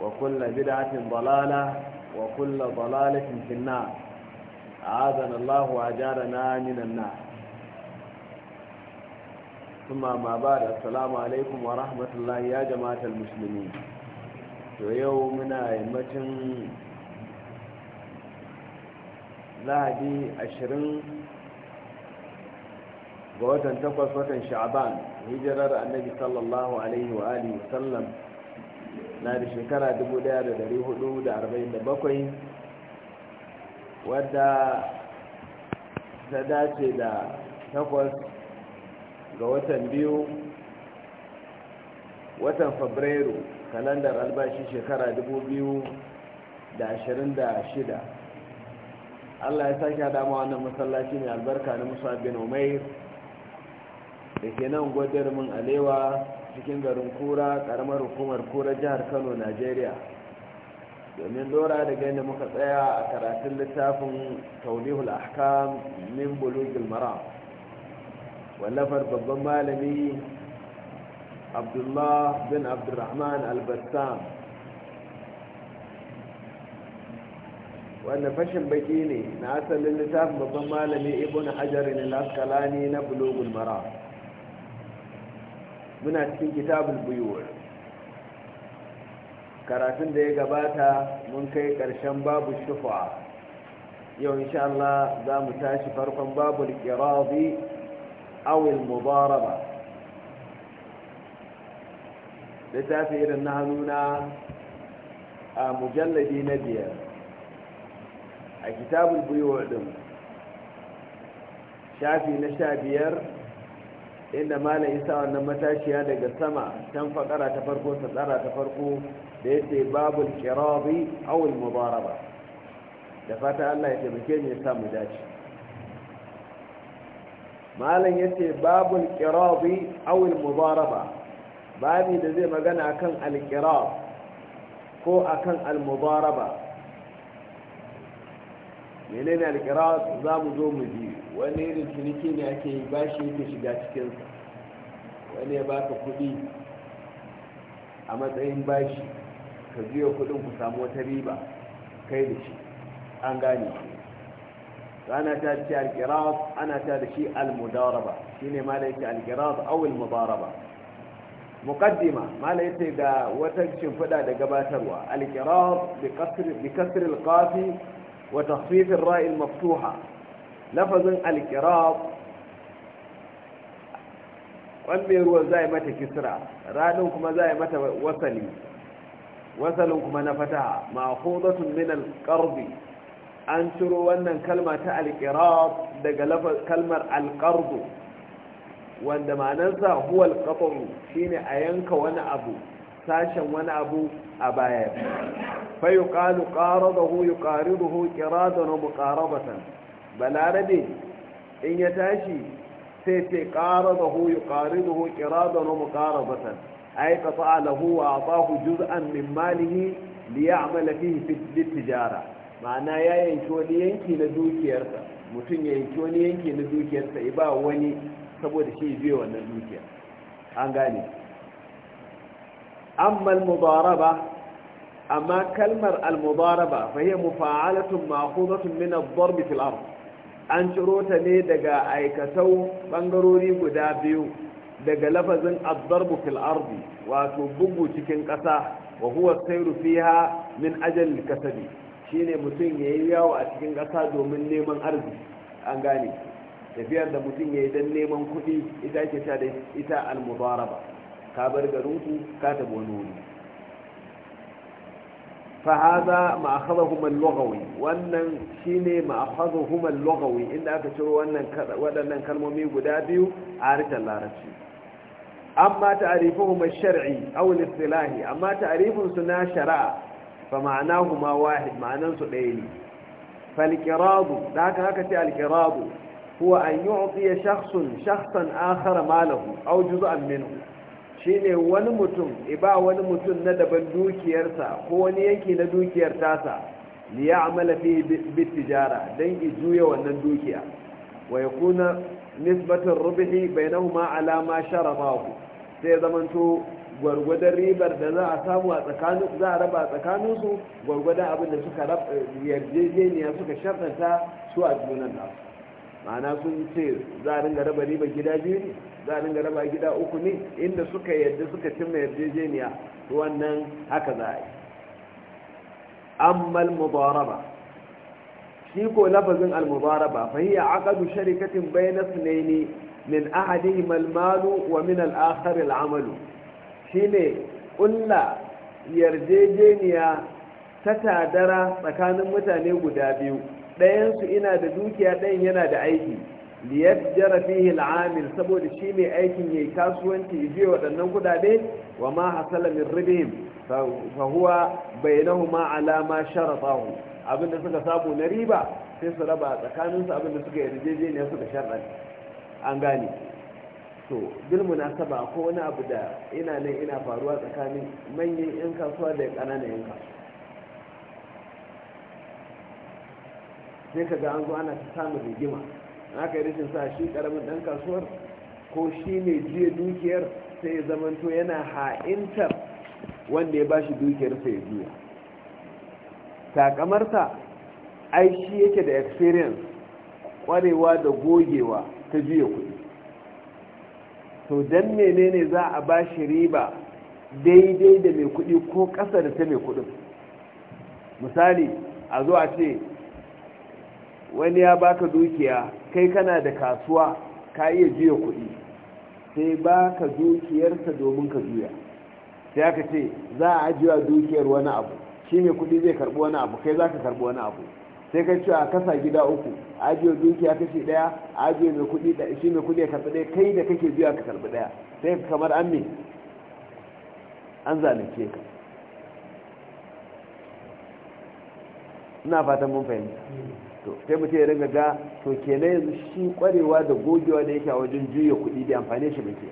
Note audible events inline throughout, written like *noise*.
وكل بدعة ضلالة وكل ضلالة في النار أعاذنا الله وأجارنا من النار ثم ما بعد السلام عليكم ورحمة الله يا جماعة المسلمين يومنا يمتن لهدي عشرين ga watan takwas watan sha'aban hijirar annabi sallallahu alaihi wa alihi wasallam na da shekara 1447 wadda ta dace da takwas ga watan biyu watan fabrairu kalandar albashi shekara 2026 allah ya sake hada ma wannan masallaci mai albarka na musa bin umair da ke nan gwajar min alewa cikin garin kura karamar hukumar kura jihar kano najeriya domin dora da gani muka tsaya a karatun littafin taunihul ahkam min bulugil maram wallafar babban malami abdullah bin abdurrahman albassam wanda fashin baki ne na asalin littafin babban malami ibn hajar ne laskalani na bulugul maram muna cikin kitabul buyu karatun da ya gabata mun kai karshen babu shufa yau insha Allah za mu tashi farkon babu al-qiradi aw al mudaraba littafi irin na hannuna a mujalladi na biyar a kitabul buyu din shafi na sha biyar inda malam isa wannan matashiya daga sama can fakara ta farko tsara ta farko da ya ce babul kirabi awul mubaraba da fata allah ya taimake ne ya samu dace malam ya ce babul kirabi awul mubaraba babi da zai magana akan alkirab ko akan almubaraba menene alkirab za mu zo mu ji wani irin ciniki ne ake yi shi yake shiga cikinsa wani ya baka kuɗi a matsayin bashi ka biyo kuɗin ku samu wata riba kai da shi an gane rana ta ce alkiraz ana ta da shi almudaraba shi ne mala yake alkiraz awul mudaraba muqaddima mala yake ga wata shimfiɗa da gabatarwa alkiraz bi kasri al wa takhfif ar maftuha lafazin alkirab wannan ruwan za a yi mata kisra ranin kuma za a yi mata wasali wasalin kuma na fataha mahudatun min alqardi an ciro wannan kalma ta alqirab daga kalmar alqardu wanda ma'anarsa huwa shi shine a yanka wani abu sashen wani abu a baya fa yuqalu qaradahu yuqariduhu qiradan wa muqarabatan balarabe in ya tashi sai sai ƙara da hu yi ƙari da hu ƙira da mu ƙara batan ai ka fa'a lahu wa atahu juz'an min malihi li ya'mala fihi fi tijara ma'ana ya yanki wani yanki na dukiyarsa mutum ya yanki wani yanki na dukiyarsa ya ba wani saboda shi biyo wannan dukiya an gane amma al-mudaraba أما كلمة المضاربة فهي مفاعلة مأخوذة من الضرب في الأرض an ciro ta ne daga aikatau bangarori guda biyu daga lafazin abdarbu fil ardi wato bugu cikin ƙasa wa huwa sayru fiha min ajal kasabi shine mutum yayi yawo a cikin ƙasa domin neman arziki an gane tafiyar da mutum yayi dan neman kuɗi ita ce ta da ita al-mudaraba ka bar garinku ka tabo wani wuri fahaza ma'akhaza kuma lagawi wannan shi ne ma'akhaza kuma lagawi inda aka ciro waɗannan kalmomi guda biyu a harshen larabci amma ta'arifu kuma shar'i awul istilahi amma ta'arifun su na shari'a fa ma'ana kuma wahid ma'anan su ɗaya ne falkiradu da haka haka ce alkiradu huwa an yi shakhsan akhara malahu aw juz'an minhu shine wani mutum iba wani mutum na daban dukiyarsa ko wani yanki na dukiyar tasa ya amala fi tijara dan ki juya wannan dukiya wa yakuna nisbatu rubhi bainahuma ala ma sharabahu sai zamanto gwargwadon ribar da za a samu a tsakanin za a raba tsakaninsu gwargwadon abin da suka yarjejeniya suka shartanta su a junan nasu ma'ana sun ce za a dinga raba riba gida biyu ne za a dinga raba gida uku ne inda suka yadda suka cimma yarjejeniya to wannan haka za a yi ammal mubaraba shi ko lafazin al mubaraba fa hiya aqdu sharikatin bayna ithnayn min ahadihim al-malu wa min al-akhar al-amalu shine kulla yarjejeniya ta tadara tsakanin mutane guda biyu ɗayansu ina da dukiya ɗayan yana da aiki liyat fihi al'amil saboda shi mai aikin yayi kasuwanci ya biya waɗannan kuɗaɗe wa ma hasala min ribihim fa huwa bainahuma ala ma sharatahu abinda suka samu na riba sai su raba tsakaninsu abinda suka ne suka sharɗa an gane to bil munasaba ko wani abu da ina nan ina faruwa tsakanin manyan yan kasuwa da ƙananan yan kasuwa sai ka ga an zo ana ta samun rigima aka yi rashin sa shi karamin dan kasuwar ko shi ne jiya dukiyar sai ya zamanto yana ha'intar wanda ya ba shi dukiyar sai ya juya takamarsa ai shi yake da experience kwarewa da gogewa ta juya kuɗi to dan menene za a ba shi riba daidai da mai kuɗi ko ƙasa da ta mai kuɗin misali a zo a ce wani ya baka dukiya kai kana da kasuwa ka iya juya kuɗi sai ba ka dukiyarsa domin ka juya sai aka ce za a ajiya dukiyar wani abu shi mai kuɗi zai karɓi wani abu kai za ka karɓi wani abu sai ka ce a kasa gida uku ajiya dukiya kashi ɗaya ajiya mai kuɗi shi mai kuɗi ya karɓi ɗaya kai da kake juya ka karɓi ɗaya sai kamar an me an zalunce ka ina fatan mun fahimta to sai mutum ya ringa ga to kenan yanzu shi kwarewa da gogewa da yake a wajen juya kuɗi da amfani shi muke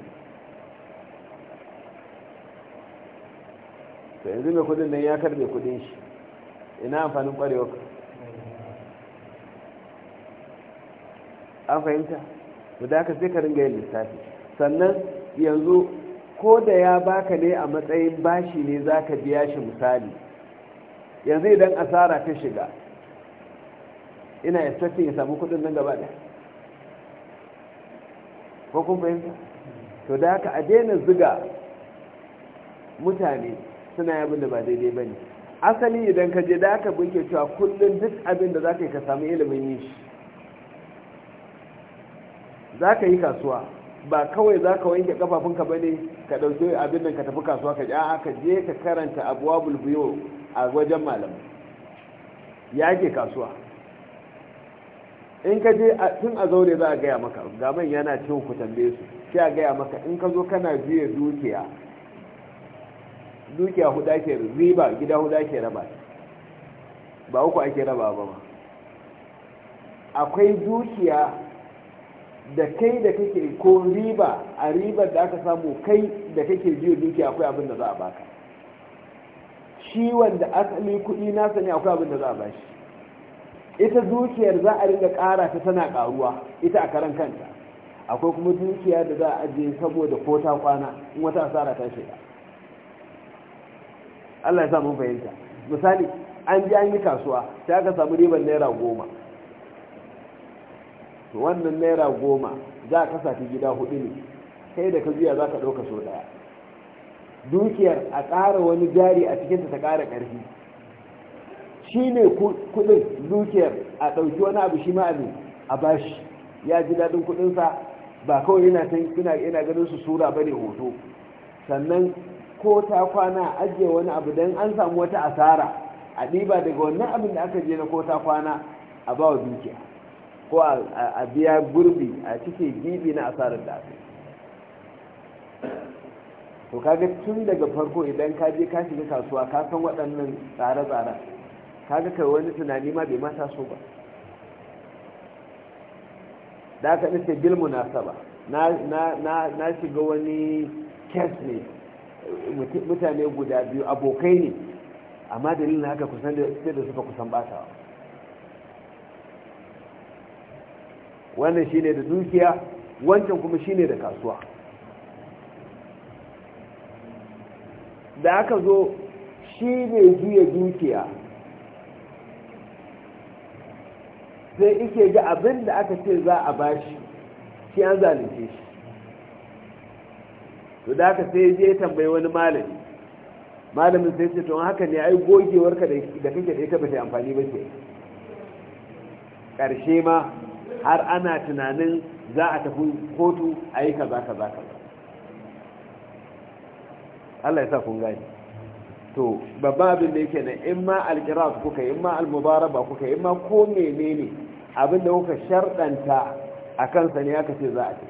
to yanzu mai kuɗin nan ya karbe kuɗin shi ina amfanin kwarewa an fahimta to da aka sai ka ringa yin lissafi sannan yanzu ko da ya baka ne a matsayin bashi ne za ka biya shi misali yanzu idan asara ta shiga ina tafi ya samu kudin nan gaba da ko kun fahimta to da haka a daina ziga mutane suna yabin da ba daidai ba ne asali idan ka je da haka buke cewa kullum duk abin da za ka yi ka samu ilimin yi shi za ka yi kasuwa ba kawai za ka wanke kafafunka ba ne ka ɗauke abin nan ka tafi kasuwa ka ji a ka je ka karanta abuwa bulbuyo a wajen malamu ya ke kasuwa in ka je tun a zaure za a gaya maka ga man yana cin ku tambaye su sai a gaya maka in ka zo kana juya dukiya dukiya huda ke riba gida huda ke raba ba uku ake raba ba ma akwai dukiya da kai da kake ko riba a ribar da aka samu kai da kake biyo dukiya akwai abin da za a baka shi wanda asali kuɗi nasa ne akwai abin da za a bashi ita dukiyar za a ringa ƙara ta tana ƙaruwa ita a karan kanta akwai kuma dukiya da za a ajiye saboda ko ta kwana in wata asara ta shiga Allah ya sa mun fahimta misali an ji an yi kasuwa sai aka samu ribar naira goma to wannan naira goma za a kasa gida hudu ne kai da ka juya za ka ɗauka sau ɗaya dukiyar a ƙara wani jari a cikinta ta ƙara ƙarfi shi ne kudin dukiyar a ɗauki wani abu shi ma abin a bashi ya ji daɗin kudinsa ba kawai yana yana ganin su sura ba ne hoto sannan ko ta kwana ajiye wani abu don an samu wata asara a ɗiba daga wannan abin da aka je na ko ta kwana a ba wa dukiya ko a biya gurbi a cike gibi na asarar da aka to kaga tun daga farko idan ka je ka shiga kasuwa ka san waɗannan tsare-tsaren kaga kai wani tunani ma bai mata so ba da aka nace bil munasaba na na na shiga wani case ne mutane guda biyu abokai ne amma dalilin haka kusan da sai da suka kusan bata wannan shine da dukiya wancan kuma shine da kasuwa da aka zo shi ne juya dukiya sai ike ga abin da aka ce za a bashi shi an zalunce shi to da aka sai je tambayi wani malami malamin sai ce to haka ne ai gogewar ka da kake da ita ba ta amfani ba ce karshe ma har ana tunanin za a tafi kotu a yi kaza kaza kaza Allah ya sa kun gani to babban abin da yake na in ma alkiras kuka in ma almubaraba kuka in ma ko menene Abin da kuka sharɗanta a kansa ne aka ce za a ce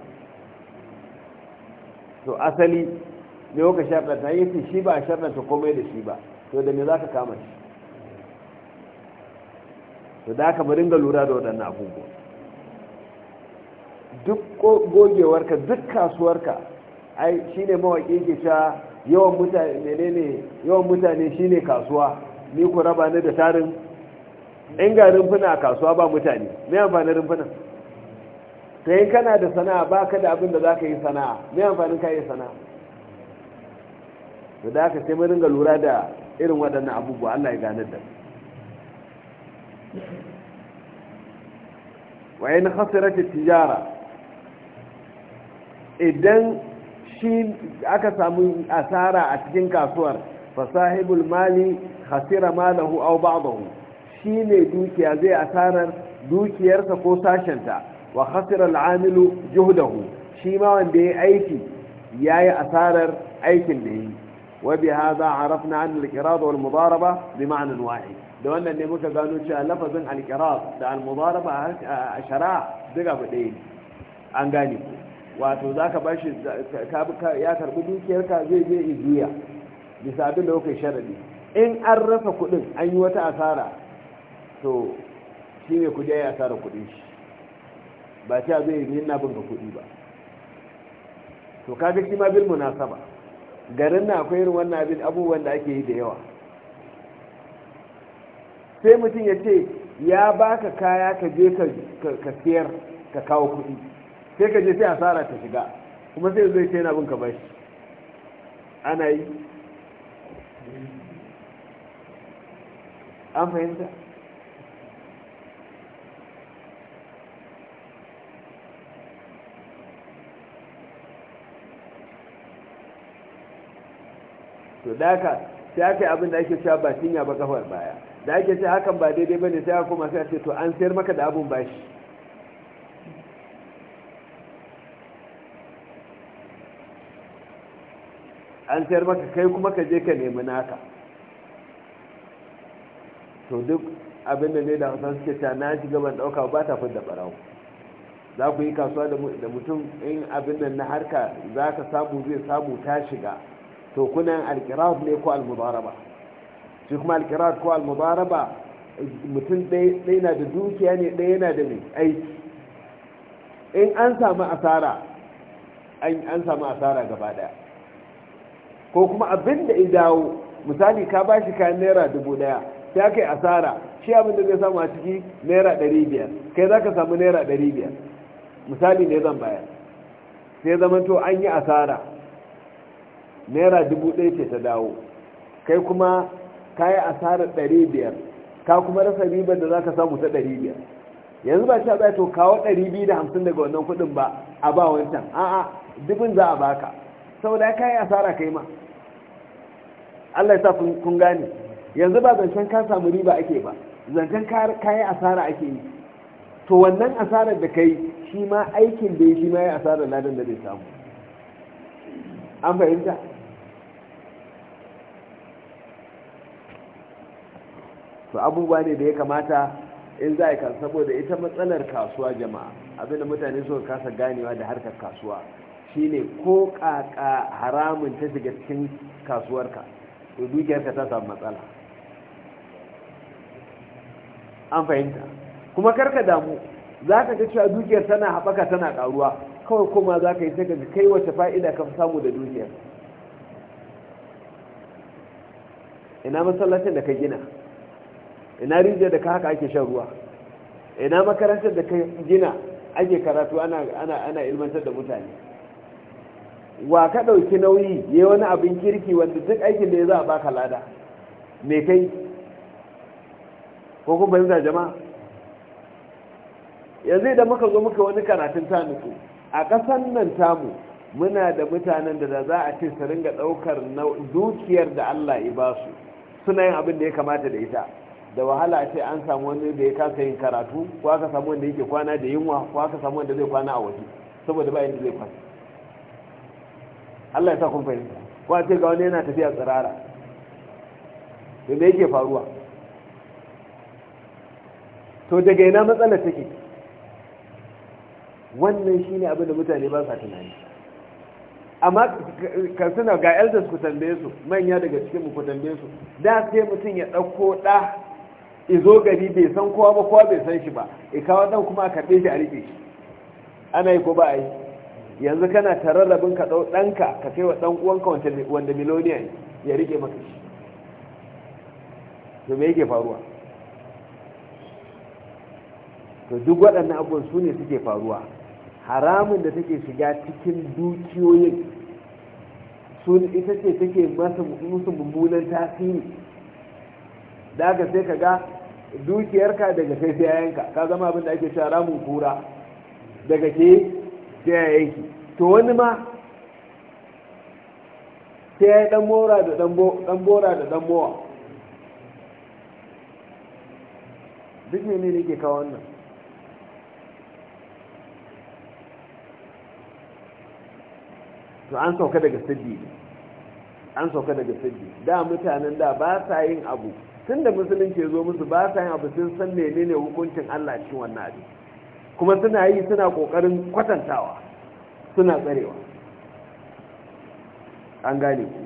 to asali ne kuka sharɗanta yi ce shi ba a sharɗanta komai da shi ba to da ne za ka kama shi to da aka bari ga lura da waɗannan abubuwa duk gogewarka duk kasuwarka ai shi ne mawaƙi ke yawan mutane shi ne kasuwa ni ku raba ni da tarin in ga rumfuna a kasuwa ba mutane mai amfanin rumfuna ta yi kana da sana'a ba ka da abin da za ka yi sana'a mai amfanin ka yi sana'a da aka sai mu ringa lura da irin waɗannan abubuwa allah ya ganar da na hasirar tijara idan shi aka samu asara a cikin kasuwar fasahibul mali hasira malahu au ba'dahu shi ne dukiya zai asarar dukiyarsa ko sashenta wa khasira juhudahu? juhdahu shi ma wanda ya aiki ya yi asarar aikin da yi wa bi hadha arafna an al wal mudaraba bi ma'nan wahid da wannan ne muka gano cewa lafazin al da al-mudaraba a shari'a duka ba an gane wato zaka bashi ya karbi dukiyarka zai je ijiya bisa abin da kuka sharadi in an rasa kuɗin an yi wata asara to shi ne kudi ya asara kudin shi ba ta zai yi nina bin ka kudi ba to kaga shi ma bil munasaba garin na akwai irin wannan abin abubuwan da ake yi da yawa sai mutum ya ce ya baka kaya ka je ka siyar ka kawo kudi sai ka je sai asara ta shiga kuma sai zai ce yana bin ka bashi ana yi an fahimta to da haka sai aka yi abin da ake cewa ba cinya ba kafar baya da ake ce hakan ba daidai ba ne sai aka koma sai a ce to an sayar maka da abun bashi an sayar maka kai kuma ka je ka nemi naka to duk abin da ne da hausa suke ta na shiga ban dauka ba ta fi da barawo za ku yi kasuwa da mutum in abin da na harka za ka samu zai samu ta shiga to kuna alkirat ne ko almubaraba? shi kuma alkirat ko almubaraba mutum ɗaya na da dukiya ne ɗaya yana da mai aiki in an samu asara an samu asara gaba ɗaya ko kuma abin da ya dawo misali ka ba shi kayan naira dubu ɗaya sai kai asara shi abin da zai samu a ciki naira ɗari biyar kai za ka samu naira ɗari biyar misali ne zan bayar sai zama to an yi asara naira dubu ɗaya ce ta dawo kai kuma ka yi asarar ɗari biyar ka kuma rasa ribar da za ka samu ta ɗari biyar yanzu ba sha to kawo ɗari biyu da hamsin daga wannan kuɗin ba a ba wancan a'a dubin za a baka saboda ka yi asara kai ma Allah ya sa kun gane yanzu ba zancen ka samu riba ake ba zancen ka yi asara ake yi to wannan asarar da kai shi ma aikin da ya shi ma ya asarar ladan da zai samu an fahimta to abubuwa ne da ya kamata in za a kan saboda ita matsalar kasuwa jama'a abinda mutane suka kasa ganewa da harkar kasuwa shine ko kaka haramun ta shiga cikin kasuwarka to dukiyarka ta samu matsala an fahimta kuma karka damu za ka ga cewa dukiyar tana haɓaka tana ƙaruwa kawai kuma za ka yi sai ka kai wace fa'ida ka samu da dukiyar ina masallacin da ka gina ina rijiyar da ka haka ake shan ruwa ina makarantar da ka gina ake karatu ana ilmantar da mutane wa ka ɗauki nauyi ya yi wani abin kirki wanda duk aikin da ya za a baka lada me kai ko kuma yanzu jama'a yanzu idan muka zo muka wani karatun tanuku a ƙasan nan tamu muna da mutanen da za a ce su ringa ɗaukar dukiyar da Allah ya ba su suna yin abin da ya kamata da ita da wahala a ce an samu wani da ya kasa yin karatu ko aka samu wanda yake kwana da yunwa ko aka samu wanda zai kwana a waje saboda ba yanda zai kwana Allah ya sa kun fahimta ko a ce ga wani yana tafiya tsirara to me yake faruwa to daga ina matsalar take wannan shine abin da mutane ba sa tunani amma ka suna ga elders ku tambaye su manya daga cikin mu ku tambaye su da sai mutum ya ɗauko ɗa izo gari bai san kowa ba kowa bai san shi ba ikawa dan kuma a karɓe shi a rike shi ana yi ko ba a yi yanzu kana tare rabin ka ɗau ɗanka ka kai wa ɗan uwanka wanda miloniya ne ya riƙe maka shi to me yake faruwa to duk waɗannan abubuwan su ne suke faruwa haramun da take shiga cikin dukiyoyin sun ita ce take musu mummunan tasiri da haka sai ka ga dukiyarka daga kai sai yayanka ka zama abin da ake cewa ramun kura daga ke sai yayanki to wani ma sai ya yi dan mora da dan bora da dan mowa duk ne ne ke kawo wannan to an sauka daga siddi an sauka daga sirri da mutanen da ba sa yin abu tun da musulunci ya zo musu ba sa yin abu sun san ne hukuncin Allah cikin wannan abin kuma suna yi suna ƙoƙarin kwatantawa suna tsarewa an gane ku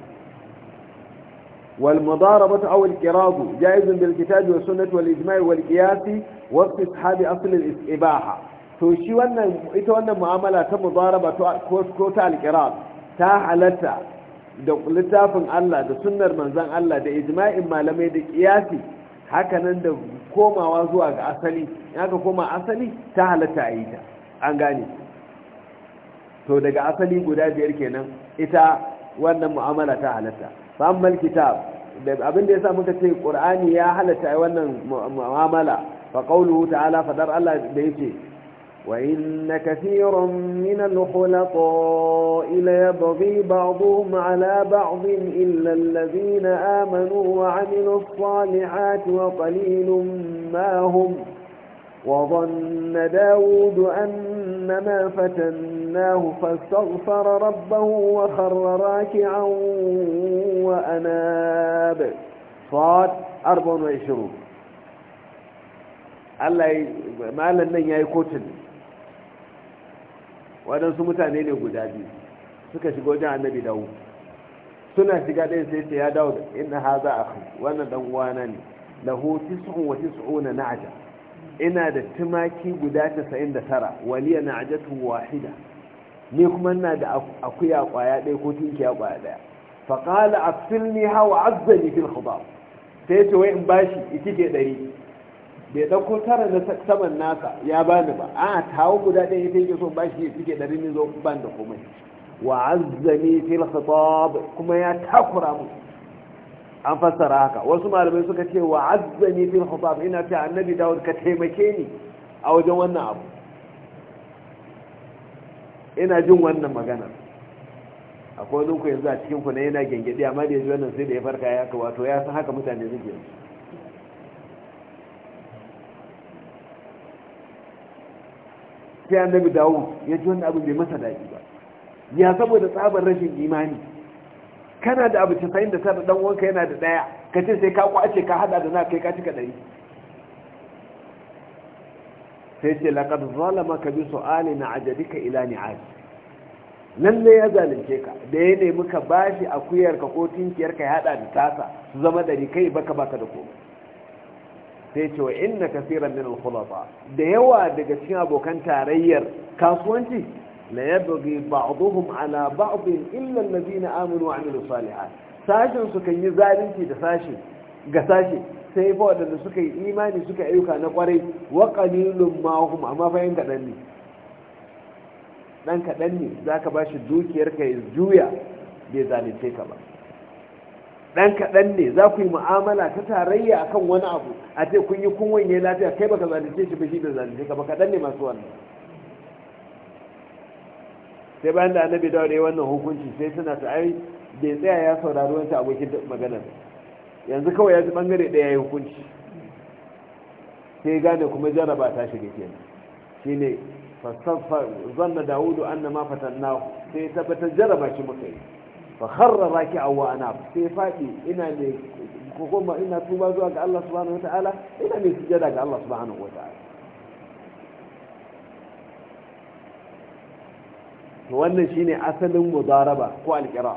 والمضاربة أو الكراض جائز بالكتاب والسنة والإجماع والقياس واستصحاب أصل الإباحة to shi wannan ita wannan mu'amala ta mudaraba ko ta alqirar ta halatta da littafin Allah da sunnar manzan Allah da ijma'in malamai da kiyasi hakanan da komawa zuwa ga asali in ka koma asali ta halatta a yi ta an gane to daga asali guda biyar kenan ita wannan mu'amala ta halatta fammal kitab da abin da yasa muka ce qur'ani ya halatta wannan mu'amala fa qawluhu ta'ala fadar Allah da yake وإن كثيرا من الخلطاء ليبغي بعضهم على بعض إلا الذين آمنوا وعملوا الصالحات وقليل ما هم وظن داود أن ما فتناه فاستغفر ربه وخر راكعا وأناب صاد أربع وعشرون الله ما لن kotun waɗansu mutane ne guda biyu suka shiga wajen annabi dawo suna shiga ɗaya sai ta ya dawo da za haza kai. wannan dan uwana ne lahu tis'un wa na na'ja ina da tumaki guda tara waliya tun wahida ni kuma ina da akuya kwaya ɗaya ko tunkiya kwaya ɗaya faƙala a filni hawa azzali azzani fil sai ce wai in bashi ke ɗari bai dauko tara na saman nasa ya bani ba a tawo guda ɗaya ita yake son bashi ya fike ɗari ne zo ban da komai wa azzami fil khitab kuma ya takura mu an fassara haka wasu malamai suka ce wa azzami fil khitab ina ce annabi dawud ka taimake ni a wajen wannan abu ina jin wannan magana akwai wani ku yanzu a cikin ku ne yana gengedi amma da yanzu wannan sai da ya farka ya wato ya san haka mutane suke sai annabi dawo ya ji wani abin bai masa daɗi ba ya saboda tsabar rashin imani kana da abu casa'in da sada dan wanka yana da ɗaya ka ce sai ka kwace ka hada da na kai ka cika ɗari sai ce laƙad zalama ka bi su'ali na ajadika ila Ali. lalle ya zalunce ka da ya nemi ka bashi ka ko tunkiyarka ya hada da tasa su zama ɗari kai baka baka da komai sai ce wa inna kasiran min al-khulafa da yawa daga cikin abokan tarayyar kasuwanci la yabghi ba'dhum ala ba'd illa alladhina amanu wa amilu salihat sashin su kan yi zalunci da sashi ga sashi sai fa wadanda suka yi imani suka ayyuka na kwarai wa qalilun ma hum amma fa yan kadan ne dan kadan ne zaka bashi dukiyar ka ya juya bai zalunce ka ba dan kaɗan ne za ku yi mu'amala ta tarayya akan wani abu a ce kun yi kun wanye lafiya kai baka zalunce shi ba shi da zalunce ka ba kaɗan ne masu wannan sai bayan da annabi dawo da wannan hukunci sai suna ta ai bai tsaya ya saurari wancan abokin maganar yanzu kawai ya ji bangare ɗaya ya hukunci sai gane kuma jaraba ta shiga kenan shine fasaffa zanna dawudu annama fatannahu sai tabbatar jaraba shi muka yi fa kharra raki'a wa ana sai faɗi, ina ne kuma ina tuba zuwa ga Allah subhanahu wataala ina ne sujada ga Allah subhanahu wataala to wannan shine asalin mudaraba ko alqira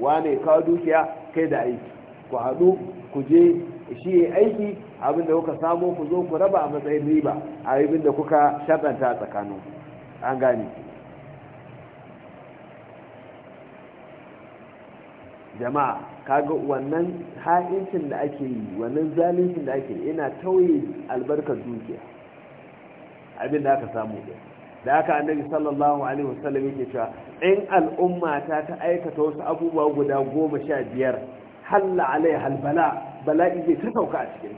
wane ka dukiya kai da aiki ku haɗu ku je shi aiki abin da kuka samo ku zo ku raba a matsayin riba a abin da kuka shaɗanta tsakaninku. tsakanin an gane jama'a kaga wannan ha'incin da ake yi wannan zalincin da ake ina tauye albarkar dukiya abin da aka samu da da aka annabi sallallahu alaihi wasallam yake cewa in al'umma ta ta aikata wasu abubuwa guda goma sha biyar halla alai halbala bala'i zai ta sauka a cikin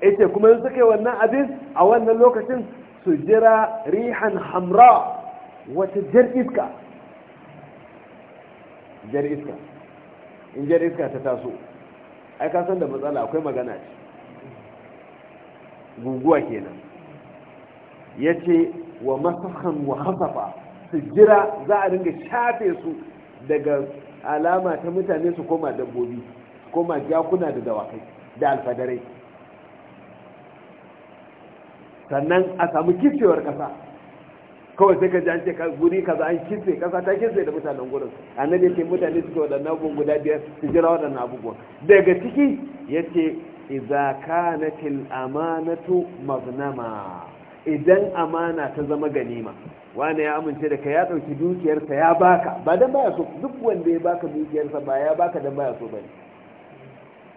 ita kuma yin suka wannan abin a wannan lokacin su jira rihan hamra wata jar iska jar iska in jar iska ta taso ai ka san da matsala akwai magana ce guguwa kenan ya ce wa masakan wa hasafa su jira za a dinga shafe su daga alama ta mutane su koma dabbobi su koma jakuna da dawakai da alfadarai sannan a samu kicewar kasa. kawai sai ka ji an ce guri kaza an kitse kasa ta kitse da mutanen gurin annabi yake mutane suke waɗannan abubuwan guda biyar su jira waɗannan abubuwan daga ciki yace idza kanatil amanatu magnama idan amana ta zama ganima wani ya amince da ka ya ɗauki dukiyarsa ya baka ba dan baya so duk wanda ya baka dukiyarsa ba ya baka dan baya so bane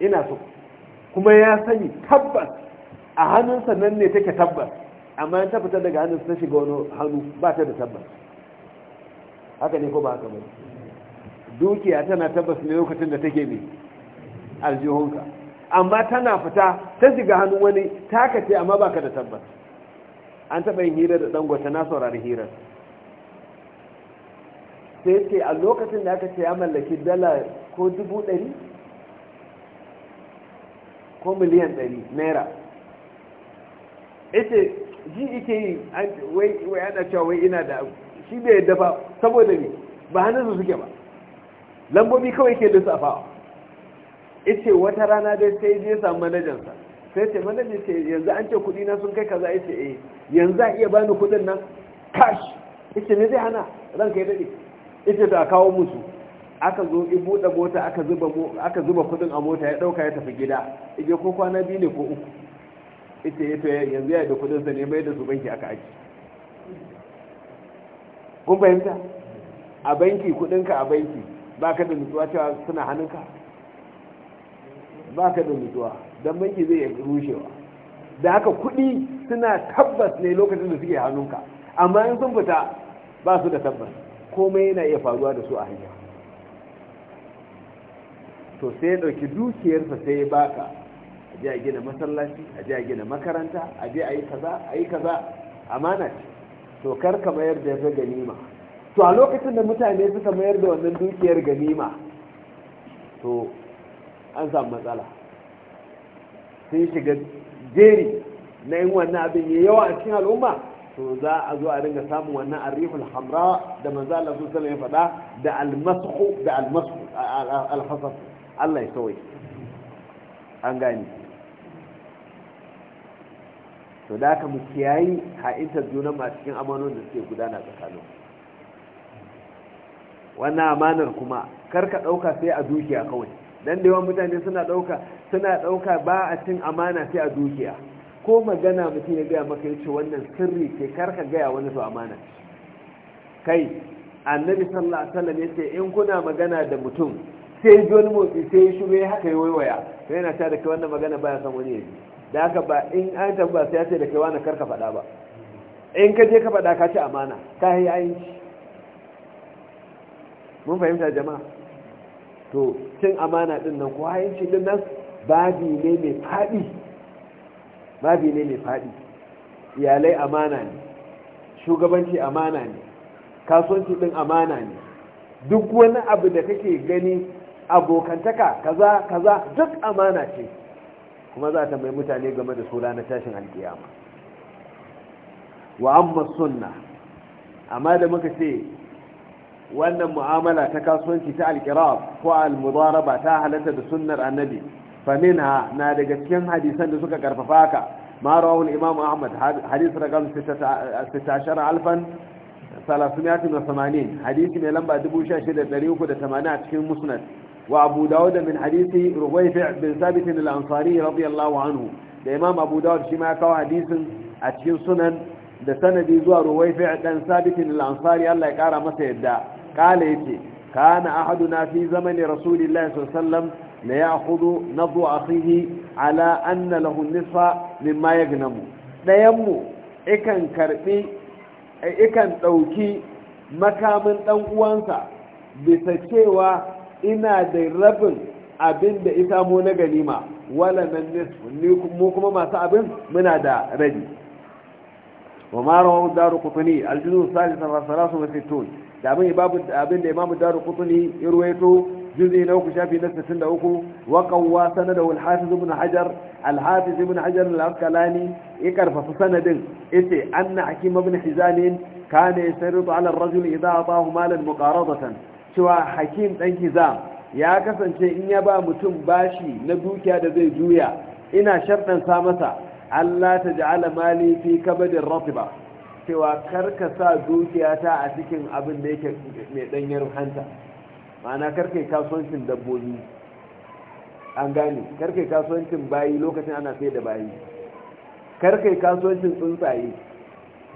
ina so kuma ya sani tabbas a hannunsa nan ne take tabbas amma ta fita daga hannun ta shiga wani hannu ba ta da tabbas haka ne ko ba haka ba dukiya tana tabbas ne lokacin da take mai aljihunka amma tana fita ta shiga hannun wani ta ce amma ba ka da tabbas an taɓa yin hira da dangwata na saurari hirar sai ce a lokacin da aka ce ya mallaki dala ko dubu ɗari ko miliyan ɗari naira ita ji ike yi wai ana cewa wai ina da abu shi bai yadda fa saboda ne ba hannun su suke ba lambobi kawai ke lissafawa ice wata rana dai sai je samu manajansa sai ce manajan ce yanzu an ce kudi na sun kai kaza yace eh yanzu a iya bani kudin nan cash ita ne zai hana zan kai dade ita to a kawo musu aka zo in buɗe mota aka zuba aka zuba kudin a mota ya dauka ya tafi gida ije ko kwana biyu ne ko uku ita ya toye yanzu ya da kudin sa ne mai da su banki aka aji kun fahimta a banki ka a banki ba ka da nutsuwa cewa suna hannunka ba ka da nutsuwa don banki zai rushewa da haka kudi suna tabbas ne lokacin da suke hannunka amma in sun fita ba su da tabbas komai yana iya faruwa da su a hanya to sai ya ɗauki dukiyarsa sai ya baka je a gina masallaci a je a gina makaranta a je a yi kaza a yi kaza amana ce to kar ka mayar da ta ganima to a lokacin da mutane suka mayar da wannan dukiyar ganima to an samu matsala sun shiga jeri na yin wannan abin ya yawa a cikin al'umma to za a zo a ringa samun wannan arifin hamra da manzo Allah su ya faɗa da almasu da almasu alhasar Allah ya kawai an gani to da ka mu kiyayi ha'intar juna ma cikin amanon da suke gudana tsakanin wannan amanar kuma kar ka ɗauka sai a dukiya kawai dan da yawan mutane suna ɗauka suna ɗauka ba a cin amana sai a dukiya ko magana mutum ya gaya maka yace wannan sirri ce kar ka gaya wani su amana kai annabi sallallahu alaihi wasallam yace in kuna magana da mutum sai ji wani motsi sai shi haka ya waiwaya sai yana ta da kai wannan magana baya san wani ya da haka ba in an tabba sai ya ce da kai wani karka faɗa ba in ka je ka faɗa ka ci amana ka yi ayinci mun fahimta jama'a to cin amana din nan ko ayinci din nan babi ne mai faɗi babi ne mai faɗi iyalai amana ne shugabanci amana ne kasuwanci din amana ne duk wani abu da kake gani abokantaka kaza kaza duk amana ce kuma za ta mai mutane game da su na tashin alkiyama wa amma sunna amma da muka ce wannan mu'amala ta kasuwanci ta alkirab ko almudaraba ta halatta da sunnar annabi faminha na daga cikin hadisan da suka karfafa haka ma rawahul imam ahmad hadis rakam 16380 hadisi mai lamba 16380 a cikin musnad وأبو داود من hadisi رغيفع بن ثابت الأنصاري رضي الله عنه da imam abu shima shi kawo hadisin a cikin sunan da sanadi zuwa ruwaifi dan sabitin al-ansari Allah ya kara masa yadda kala yace kana ahaduna fi zamani rasulillahi sallallahu alaihi wasallam la ya'khudhu nadhu akhihi ala anna lahu nisfa mimma yagnamu dayan mu ikan karbi ikan ɗauki makamin ɗan uwansa bisa cewa ina da rabin abin da ita mu na ganima wala nan ne mu kuma masu abin muna da rabi wa ma rawu daru qutni aljuz'u salis wa salasu wa sittun da abin babu abin da imamu daru qutni irwaito juz'i na uku shafi na 63 wa qawwa sanadahu al-hafiz ibn hajar al-hafiz ibn hajar al-asqalani ikarfafa sanadin ite anna hakim ibn hizanin kana yasridu ala ar-rajul idha ataahu malan muqaradatan cewa hakim ɗan hizam ya kasance in ya ba mutum bashi na dukiya da zai juya ina sharɗansa masa allah ta ja'ala mali fi kabadin rafiba cewa karka sa dukiyata a cikin abin da yake mai ɗanyar hanta ma'ana karka kasuwancin dabbobi an gane karka kasuwancin bayi lokacin ana sai da bayi karka kasuwancin tsuntsaye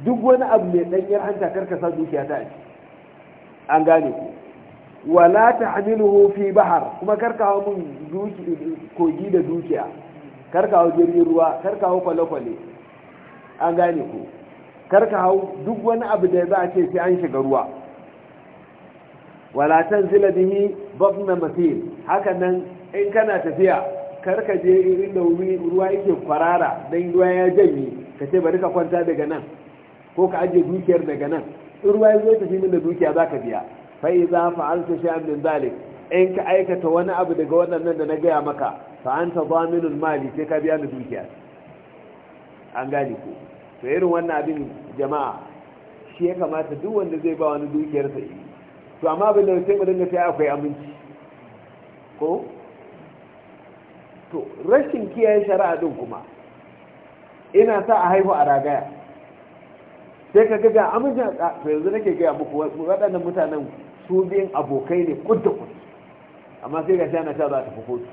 duk wani abu mai ɗanyar hanta karka sa dukiyata a ciki an gane ku wala hamiluhu fi bahar kuma karkawo min kogi da dukiya karkawo jirgin ruwa karkawo kwale-kwale an gane ku karkawo duk wani abu da za a ce sai an shiga ruwa wala tanzila bihi babna masil haka nan in kana tafiya karka je irin da ruwa yake kwarara dan ruwa ya janye ka ce bari ka kwanta daga nan ko ka aje dukiyar daga nan in ruwa ya zo tafi min da dukiya za ka biya fa idza fa'alta shay'an min zalik in ka aikata wani abu daga waɗannan da na gaya maka fa ba minin mali sai ka biya ni dukiya an gane ko to irin wannan abin jama'a shi ya kamata duk wanda zai ba wani dukiyar sa yi to amma abin da sai mu dinga sai akwai aminci ko to rashin kiyaye shari'a din kuma ina sa a haihu a ragaya sai ka ga ga amincin to yanzu nake gaya muku waɗannan mutanen su biyan abokai ne kudda kudu amma sai ga shana ta za ta fi kotu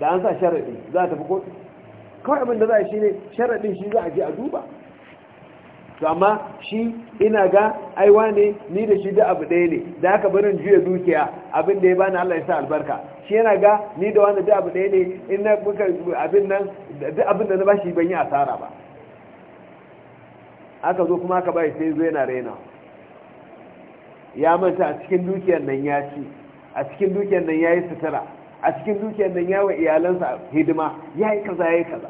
da an sa sharaɗi za ta fi kotu kawai abinda za a shi ne sharaɗin shi za a je a duba to amma shi ina ga aiwa ne ni da shi da abu ɗaya ne da aka barin juya dukiya abin da ya bani Allah ya sa albarka shi yana ga ni da wani da abu ɗaya ne in na muka abin nan da abin da na bashi ban yi asara ba aka zo kuma aka shi sai zo yana rainawa ya manta a cikin dukiyar nan ya ci a cikin dukiyar nan ya yi sutura a cikin dukiyar nan ya wa iyalansa hidima ya yi kaza ya yi kaza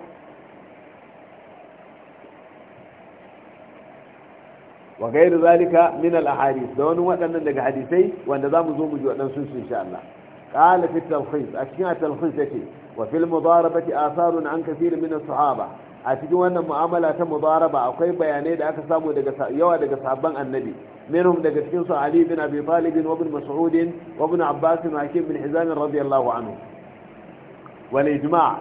wa gairu zalika min al-ahadith da wani waɗannan daga hadisai wanda zamu zo mu ji waɗansu su insha Allah qala fi at-talkhis a cikin at-talkhis yake wa fil mudarabati atharun an kathir min as-sahaba a cikin wannan mu'amala ta mudaraba akwai bayanai da aka samu yawa daga sabon annabi minhum daga cikin su ali bin abi ibn mas'ud wa ibn abbas wa hakim bin hizam radiyallahu anhu wal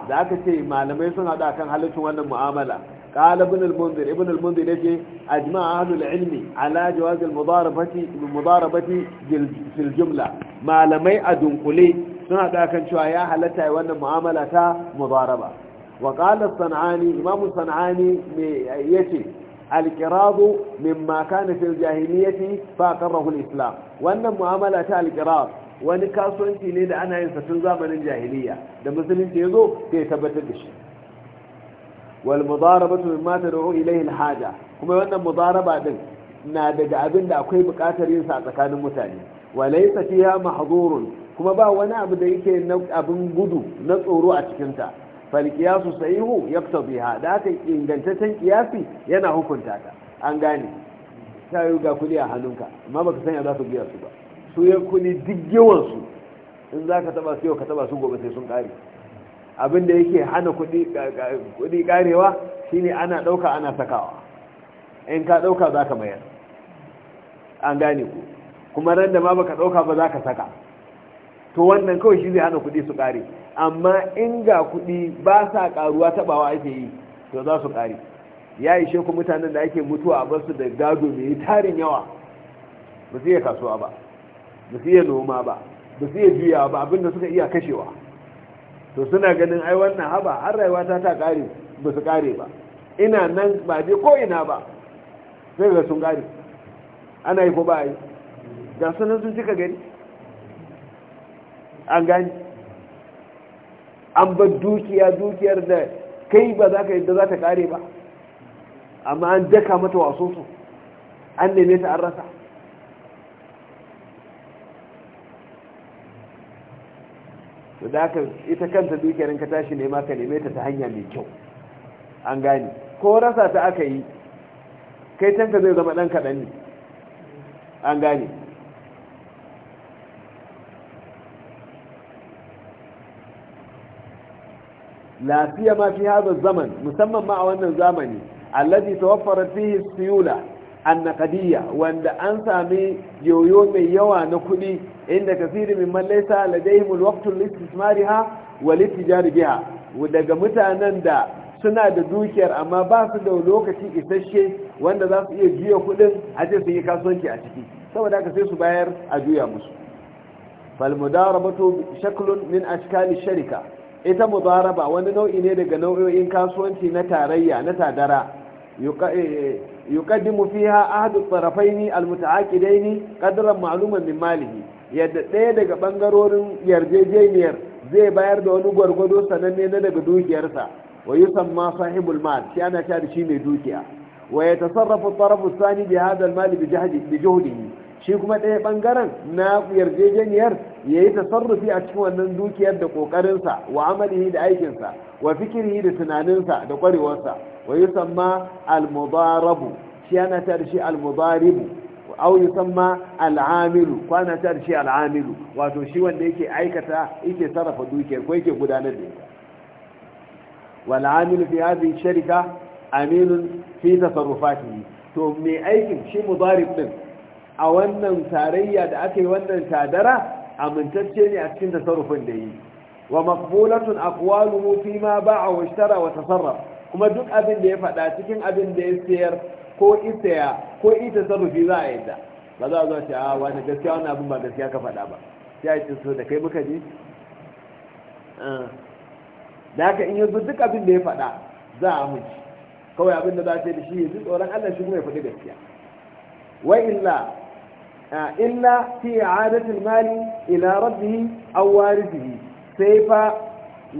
da aka ce malamai sun hada kan halin wannan mu'amala قال ابن المنذر ابن المنذر يجي اجمع اهل العلم على جواز المضاربه المضاربه في الجمله ما لم يعد قلي سنا داكن شو يا هلتا وانا معامله مضاربه wa qala sanani imamu sanani me yace القراض مما كان في الجاهلية islam wannan mu'amala ta alkira wani kasuwanci ne da ana yin sa zamanin jahiliya da musulunci ya zo sai tabbatar da shi wal mudarabatu mimma tad'u ilayhi al haja kuma wannan mudaraba din na daga abin da akwai buƙatar yinsa a tsakanin mutane wa laysa fiha kuma ba wani abu da yake abin gudu na tsoro a cikinta. falkiyasu sahihu biha da haka ingantaccen kiyasi yana hukunta ta an gane ta yi ga kudi a hannunka amma baka sanya za su biya su ba su ya kudi duk yawan su in za ka taba su yau ka taba su gobe sai sun kare abin da yake hana kudi karewa shine ana dauka ana sakawa in ka dauka za ka mayar an gane ku kuma ran da ma baka dauka ba za ka saka to wannan kawai shi zai hana kudi su kare amma in ga kuɗi ba sa ƙaruwa taɓawa ake yi to za su ƙare ya yi sheku mutanen da ake mutuwa a basu da gado mai tarin yawa ba su iya kasuwa ba ba su iya noma ba ba su iya juyawa ba abinda suka iya kashewa to suna ganin ai wannan haba har rayuwa ta ta ƙare ba su ƙare ba ina nan ba je ko ina ba sai ga sun ƙare ana yi ko ba yi ga sunan sun cika gari an gani an bar dukiya dukiyar da kai ba za ka yadda za ta kare ba amma an daka mata waso su an neme ta an rasa da aka ita kanta dukiyar ka tashi nema ka neme ta ta hanya mai kyau an gane ko rasa ta aka yi kai tanka zai zama ɗan kaɗan ne an gane lafiya ma fi hada zaman musamman ma a wannan zamani allazi tawaffara fihi siyula annaqadiyya wanda an sami yoyo mai yawa na kuɗi inda kasiri min man laysa ladayhim alwaqtu listismariha wa litijari biha daga mutanen da suna da dukiyar amma ba su da lokaci isasshe wanda za su iya juya kuɗin a ce su yi kasuwanci a ciki saboda haka sai su bayar a juya musu falmudarabatu shaklun min ashkali sharika ita mudaraba wani nau'i ne daga nau'o'in kasuwanci na tarayya na tadara eh, eh, yuqaddimu fiha ahadu tarafaini almutaaqidaini qadran ma'luman min malihi yadda ɗaya daga bangarorin yarjejeniyar zai bayar da wani gwargwado sananne na daga dukiyarsa wa yusamma sahibul mal shi ana cewa shi mai dukiya wa yatasarrafu at-tarafu thani bi hadha bi juhdihi shi kuma ɗaya ɓangaren na yarjejeniyar ya yi tasarrufi a cikin wannan dukiyar da ƙoƙarinsa wa amalihi da aikinsa wa fikirihi da tunaninsa da ƙwarewarsa wa yi samma almubarabu shi yana ta da shi almubaribu au yi samma al'amilu kwana ta da shi al'amilu wato shi wanda yake aikata yake sarrafa dukiyar ko yake gudanar da ita wal'amilu fi hadhihi sharika Aminu fi tasarrufatihi to me aikin shi mubarib din a wannan tarayya da aka yi wannan tadara amintacce ne a cikin tasarrufin da yi wa maqbulatun aqwaluhu fi ma ba'a wa ishtara wa tasarraf kuma duk abin da ya faɗa cikin abin da ya sayar ko isaya ko ita tasarrufi za a yadda ba za a zo ce a ah, wani gaskiya wani abin ba gaskiya ka faɗa ba sai a yi so da kai muka ji ah. da haka in yanzu duk abin da ya faɗa za a huci kawai abin da za a ce da shi ya tsoron Allah shi kuma ya faɗi gaskiya wa illa إلا في إعادة المال إلى ربه أو وارثه سيفا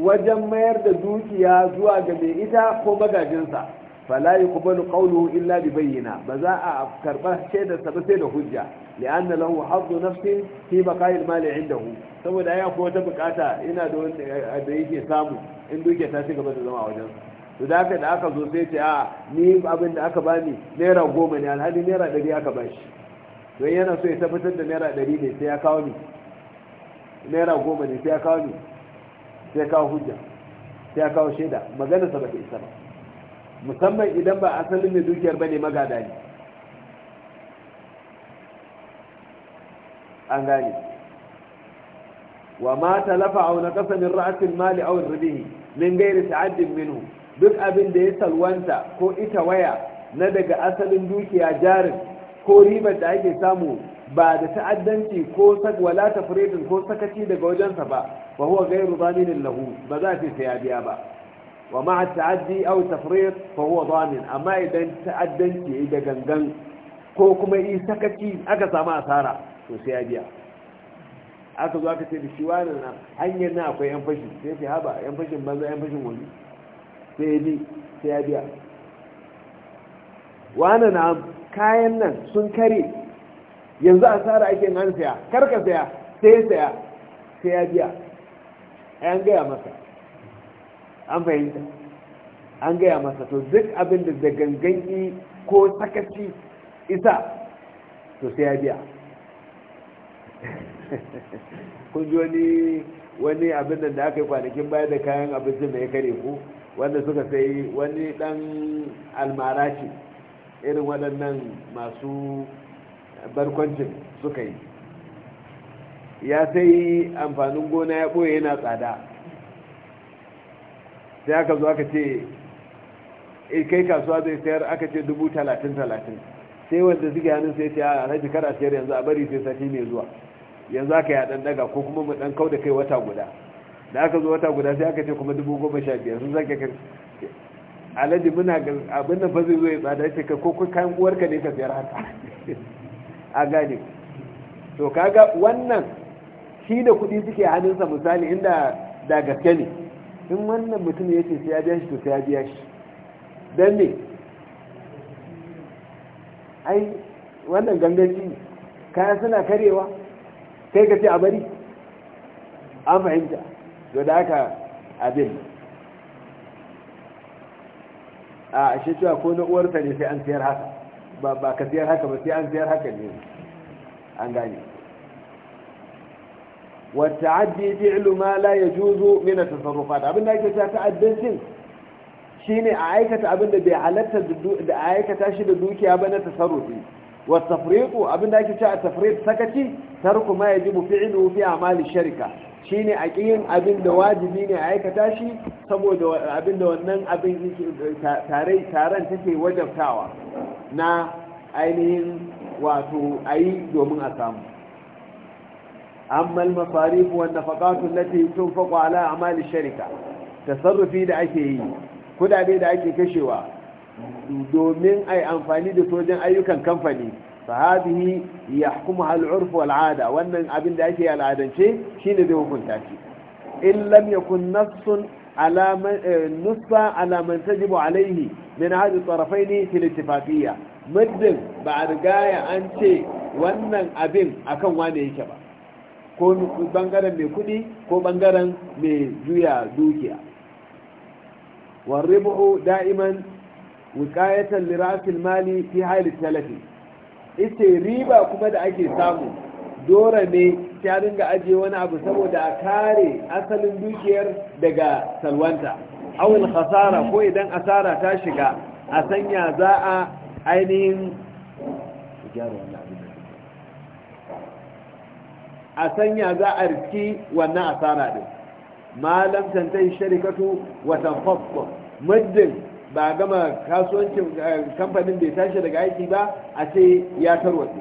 وجن mayar da dukiya zuwa ga mai ita ko magajinsa fala yuqbalu qawluhu illa bi bayyina ba za a karba shaidar sa ba sai da hujja li'anna lahu haddu nafsin fi baqa'i al-mal 'indahu saboda ya ko ta bukata ina da wanda da yake samu in dukiya ta cigaba gaba da zama a wajen to da haka da aka zo sai ce a ni abin da aka bani naira goma ne alhali naira ɗari aka ba shi. don yana so ya tabbatar da naira ɗari ne sai ya kawo ne naira goma ne sai ya kawo ne sai ya kawo hujja sai ya kawo shaida magana sa ba ta isa ba musamman idan ba asalin mai dukiyar ba ne magada ne an gane wa ma talafa a na kasamin ra'asin mali aw ribihi min gairi ta'addin minhu duk abin da ya salwanta ko ita waya na daga asalin dukiya jarin ko ribar da ake samu ba da ta'addanci ko wala tafridin ko sakaci daga wajensa ba wa huwa ghayru dhamin lahu ba za ta saya biya ba wa ma'a ta'addi aw tafrid fa huwa dhamin amma idan ta'addanci da gangan ko kuma yi sakaci aka samu asara to saya biya aka zo aka ce da shi wani na hanyar na akwai yan fashi sai ce haba yan fashin banza yan fashin wani sai ya bi sai ya biya wani na'am kayan nan sun kare yanzu tsara ake nan saya karka saya sai saya sai ya biya an gaya masa an fahimta an gaya masa to duk abin da ganganki ko sakaci isa to sai ya biya *laughs* kun ji wani wani abin da aka yi kwanakin baya da kayan abincin da ya kare ku wanda suka sai wani dan almara ce irin waɗannan masu barkwancin suka yi ya sai amfanin gona ya ɓoye yana tsada sai aka zo aka ce eh, kai kasuwa zai sayar aka ce dubu talatin talatin sai wanda suke hannun sai ce a rajin kar a sayar yanzu a bari sai sati mai zuwa yanzu aka yi a ɗan daga ko kuma mu ɗan kau da kai wata guda da aka zo wata guda sai aka ce kuma dubu goma sha biyar sun zake alhaji muna ga abin da fa zai tsada ce ka ko kayan uwarka ne ka biyar haka *laughs* a gane to kaga wannan shi da kuɗi suke hannunsa misali inda da gaske ne in wannan mutum ya ce sai ya biya shi to sai ya biya shi don ne ai wannan ganganci kaya suna karewa kai ka ce a bari an fahimta to da haka abin a ashe cewa ko na uwarka ne sai an siyar haka ba ka siyar haka ba sai an siyar haka ne an gane والتعدي فعل ما لا يجوز من التصرفات abin da ake cewa ta'addancin shine a aikata abin da bai halatta da aikata shi da dukiya ba na tasarrufi wa tafriqu abin da ake cewa tafriq sakaci tarku ma yajibu fi'luhu fi a'mali sharika Shi ne a ƙiyin abin da wajibi ne a aikata shi saboda abin da wannan abin taron take wajabtawa na ainihin wato a yi domin a samu amma al-masarif wa nafaqatu tun tunfaqu ala a'mali sharika tasarrufi da ake yi kudade da ake kashewa domin a yi amfani da sojan ayyukan kamfani فهذه يحكمها العرف والعادة وأن أبن دعيتي العادنشي شين ذي وكنت إن لم يكن نص على من نص على من تجب عليه من هذه الطرفين في الاتفاقية مدن بعد قاية أنت وأن أبن أكون واني يكبر ko bangaren mai kudi ko bangaren mai juya dukiya warribu da'iman wikayatan lirasil mali fi halin talafi ita riba kuma da ake samu dora ne ta dinga ajiye wani abu saboda a kare asalin dukiyar daga salwanta awul khasara ko idan asara ta shiga a sanya za a ainihin a sanya za a riski wannan asara din malam tantai sharikatu watan fafon muddin ba gama kasuwancin eh, kamfanin bai tashi daga aiki ba a ce ya tarwatsi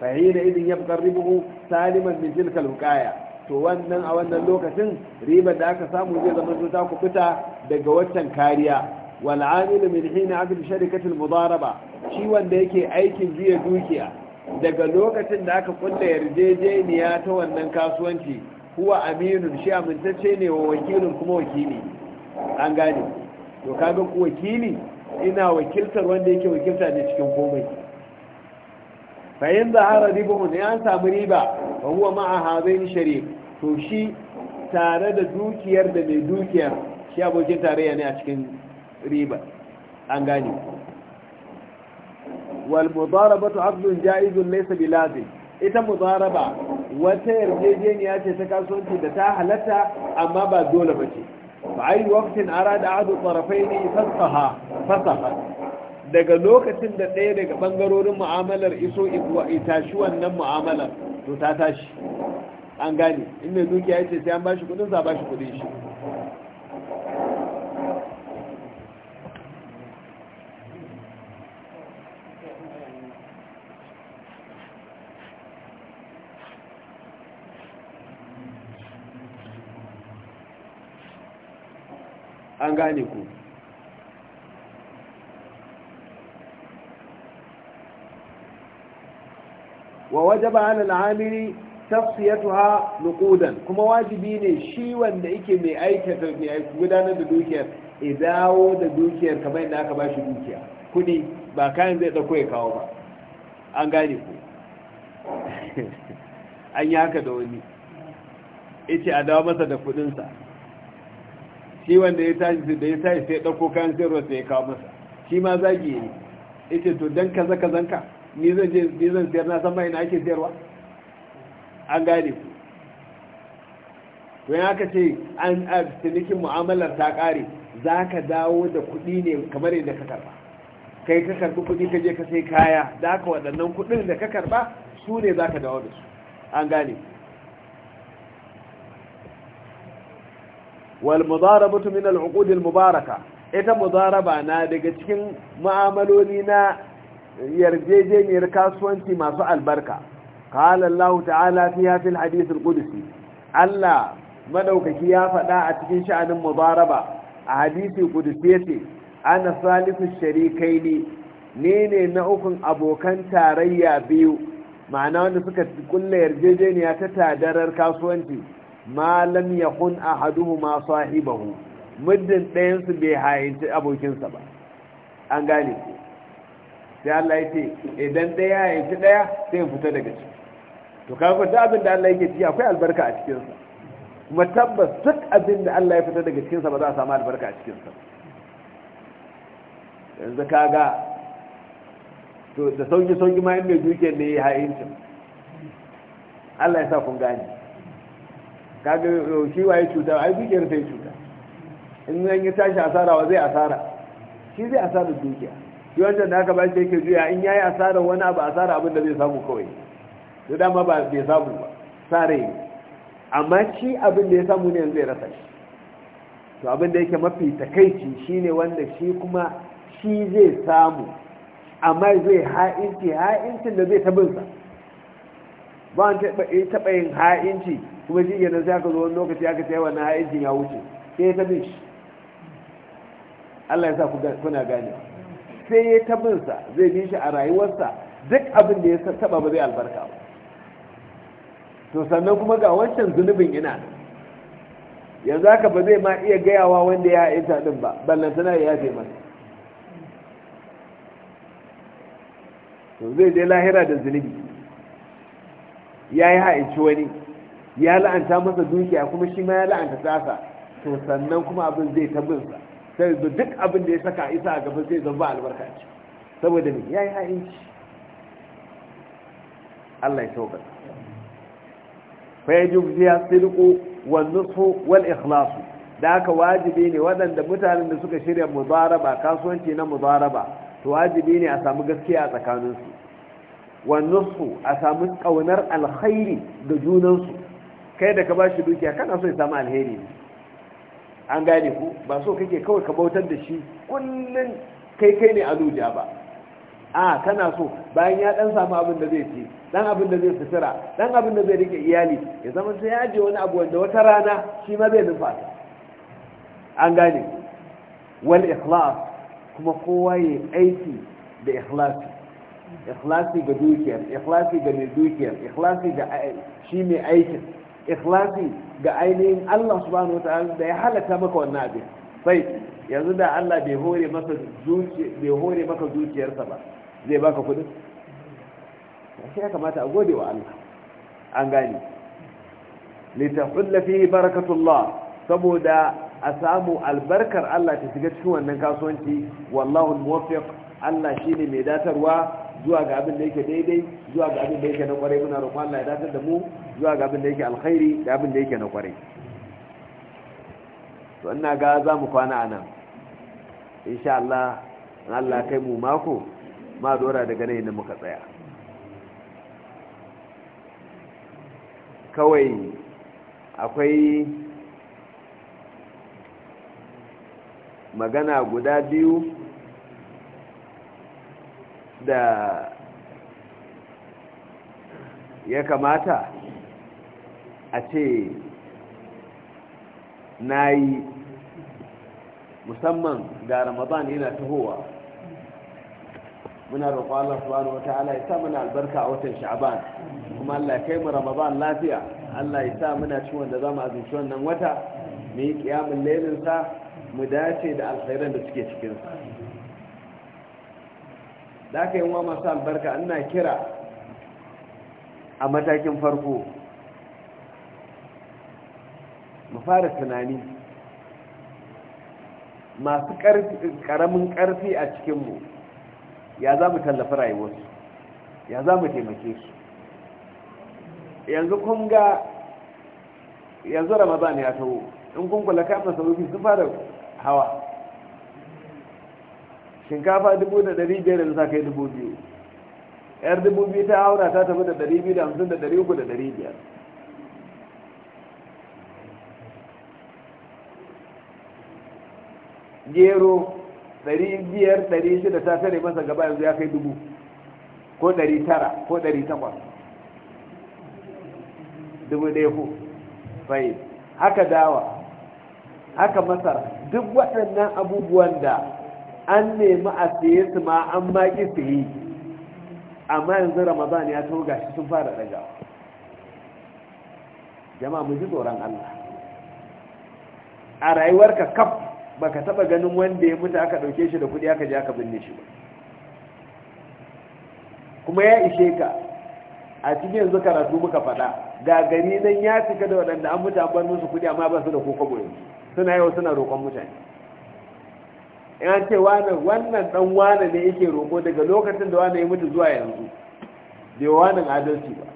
fahina idin ya ribuhu saliman min tilkal hukaya to wannan a wannan lokacin ribar da aka samu zai zama ta kubuta daga waccan kariya wal amil min hina aqd sharikatil mudaraba shi wanda yake aikin biya dukiya daga lokacin da aka kunna yarjejeniya ta wannan kasuwanci huwa aminun shi amintacce ne wa wakilin kuma wakili an gane to kaga wakili ina wakiltar wanda yake wakilta ne cikin komai fa'in zahara mun ya samu riba wa huwa ma'a hazain sharif to shi tare da dukiyar da mai dukiyar shi abokin tarayya ne a cikin riba an gane wal mudarabatu aqdun ja'izun laysa bilazim ita mudaraba wata yarjejeniya ce ta kasuwanci da ta halatta amma ba dole bace ara da أراد أحد ne فسخها fasaha daga lokacin da ɗaya daga ɓangarorin mu'amalar iso itashi wannan mu'amalar to ta tashi an gane in mai dukiya ya ce sai an bashi kudin sa bashi kudin shi an gane ku wa wajaba ala al'amiri tafsiyatuha nuqudan kuma wajibi ne shi wanda yake mai aikata mai gudanar da dukiyar ya dawo da dukiyar kamar yadda aka bashi dukiya kudi ba kayan zai dauko ya kawo ba an gane ku *laughs* an yi haka da wani yace a dawo masa da kudinsa shi wanda ya tashi da ya tashi sai ɗauko kayan sayarwa sai ya kawo masa shi ma zagi ne ita to dan kaza kazan ka ni zan je ni zan sayar na san mai na ake sayarwa an gane ku wani aka ce an cinikin mu'amalar ta kare za ka dawo da kuɗi ne kamar yadda ka karba kai ka karbi kuɗi ka je ka sai kaya da ka waɗannan kuɗin da ka karba su ne za ka dawo da su an gane ku wal mudarabatu min al uqud mubaraka ita mudaraba na daga cikin mu'amaloli na yarjejeniyar kasuwanci masu albarka qala Allah ta'ala fiha fil hadith al qudsi Allah madaukaki ya faɗa a cikin sha'anin mudaraba a hadisi qudsi yace ana salisu sharikaini ne ne na ukun abokan tarayya biyu ma'ana wanda suka kulle yarjejeniya ta tadarar kasuwanci ma lam yakun ahaduhuma sahibahu muddin ɗayan su bai hayinci abokinsa ba an gane ku sai Allah ya ce idan ɗaya hayinci ɗaya sai fita daga ciki to ku da abin da Allah yake ciki akwai albarka a cikin sa kuma tabbas duk abin da Allah ya fita daga cikin sa ba za a samu albarka a cikin sa yanzu kaga to da sauki sauki ma in mai duke ne ya hayinci Allah ya sa kun gane kaga shi waye cuta ai dukiyar sai cuta in zan yi tashi asara wa zai asara shi zai asara dukiya shi wanda da aka ba shi yake juya in yayi asara wani abu asara abin da zai samu kawai to dama ba bai samu ba sare ne amma shi abin da ya samu ne zai rasa shi to abin da yake mafi takaici shine wanda shi kuma shi zai samu amma zai ha'inci ha'incin da zai tabinsa ba an taɓa yin ha'inci kuma shi yana sai aka zo wani lokaci aka sai wani ha'incin ya wuce sai ya bin shi Allah ya sa kuna gane sai ya ta sa zai bi shi a rayuwarsa duk abin da ya taɓa ba zai albarka ba to sannan kuma ga wancan zunubin ina yanzu haka ba zai ma iya gayawa wanda ya ha'inta din ba ballantana ya yafe masa to zai je lahira da zunubi ya yi ha'inci wani ya la'anta masa dukiya kuma shi ma ya la'anta tasa to sannan kuma abin zai ta binsa sai duk abin da ya saka isa a gaba zai zama albarka ce saboda ne ya yi ha'inci Allah ya tauba fa yajib ya sirko wan nushu wal ikhlasu da haka wajibi ne waɗanda mutanen da suka shirya mudaraba kasuwanci na mudaraba to wajibi ne a samu gaskiya a tsakaninsu wa nusu a samu ƙaunar alkhairi da junansu kai da ka ba shi dukiya kana so ya samu alheri ne an gane ku ba so kake kawai ka bautar da shi kullum kai kai ne a duja ba a kana so bayan ya dan samu abin da zai ci dan abin da zai sutura dan abin da zai rike iyali ya zama sai ya je wani abu wanda wata rana shi ma zai nufa an gane wal ikhlas kuma kowa ya aiki da ikhlasi ikhlasi ga dukiyar ikhlasi ga mai dukiyar ikhlasi ga eh, shi mai aikin ikhlasi ga ainihin Allah subhanahu wa ta'ala da ya halatta maka wannan abin sai yanzu da Allah bai hore maka bai hore maka dukiyarsa ba zai baka kudin sai ya kamata a gode wa Allah an gane litahulla fihi barakatullah saboda a samu albarkar Allah ta shiga cikin wannan kasuwanci wallahu muwaffiq Allah shine mai datarwa zuwa ga abin da yake daidai zuwa ga abin da yake na kwarai muna roƙon Allah ya dace da mu zuwa ga abin da yake alkhairi da abin da yake na kwarai to ina ga za mu kwana anan insha Allah Allah kai mu mako ma dora daga nan da muka tsaya kawai akwai magana guda biyu da ya kamata a ce na yi musamman ga ramadan yana tahowa muna roƙo Allah subhanahu wata'ala ya sa muna albarka a watan sha'ban kuma Allah ya kai mu ramadan lafiya Allah ya sa muna ci wanda za mu azumci wannan wata mu yi kiyamun lailinsa mu dace da alkhairan da suke cikinsa da aka yi wa masu albarka ana kira a matakin farko mu fara tunani masu ƙaramin ƙarfi a cikinmu ya za mu tallafi rayuwarsu ya za mu taimake su yanzu kun ga yanzu ramadan ya taho in kun kula kafin sarufi sun fara hawa shinkafa dubu da ɗari biyar yanzu ta kai dubu biyu yar dubu biyu ta aura ta tafi da ɗari biyu da hamsin da ɗari uku da ɗari biyar gero ɗari biyar ɗari shida ta tare masa gaba yanzu ya kai dubu ko ɗari tara ko ɗari takwas dubu ɗaya ko bai haka dawa haka masara duk waɗannan abubuwan da an nemi a siye su ma an maƙi su yi amma yanzu ramadan ya taho gashi sun fara ɗagawa jama'a mu ji tsoron allah a rayuwarka kaf baka taba ganin wanda ya mutu aka ɗauke shi da kuɗi aka je aka binne shi ba kuma ya ishe ka a cikin yanzu karatu muka faɗa ga gari nan ya cika da waɗanda an mutu an bar musu kuɗi amma ba su da koko yanzu suna yau suna roƙon mutane in an ce wannan dan wane ne yake roƙo daga lokacin da wane ya mutu zuwa yanzu bai wani adalci ba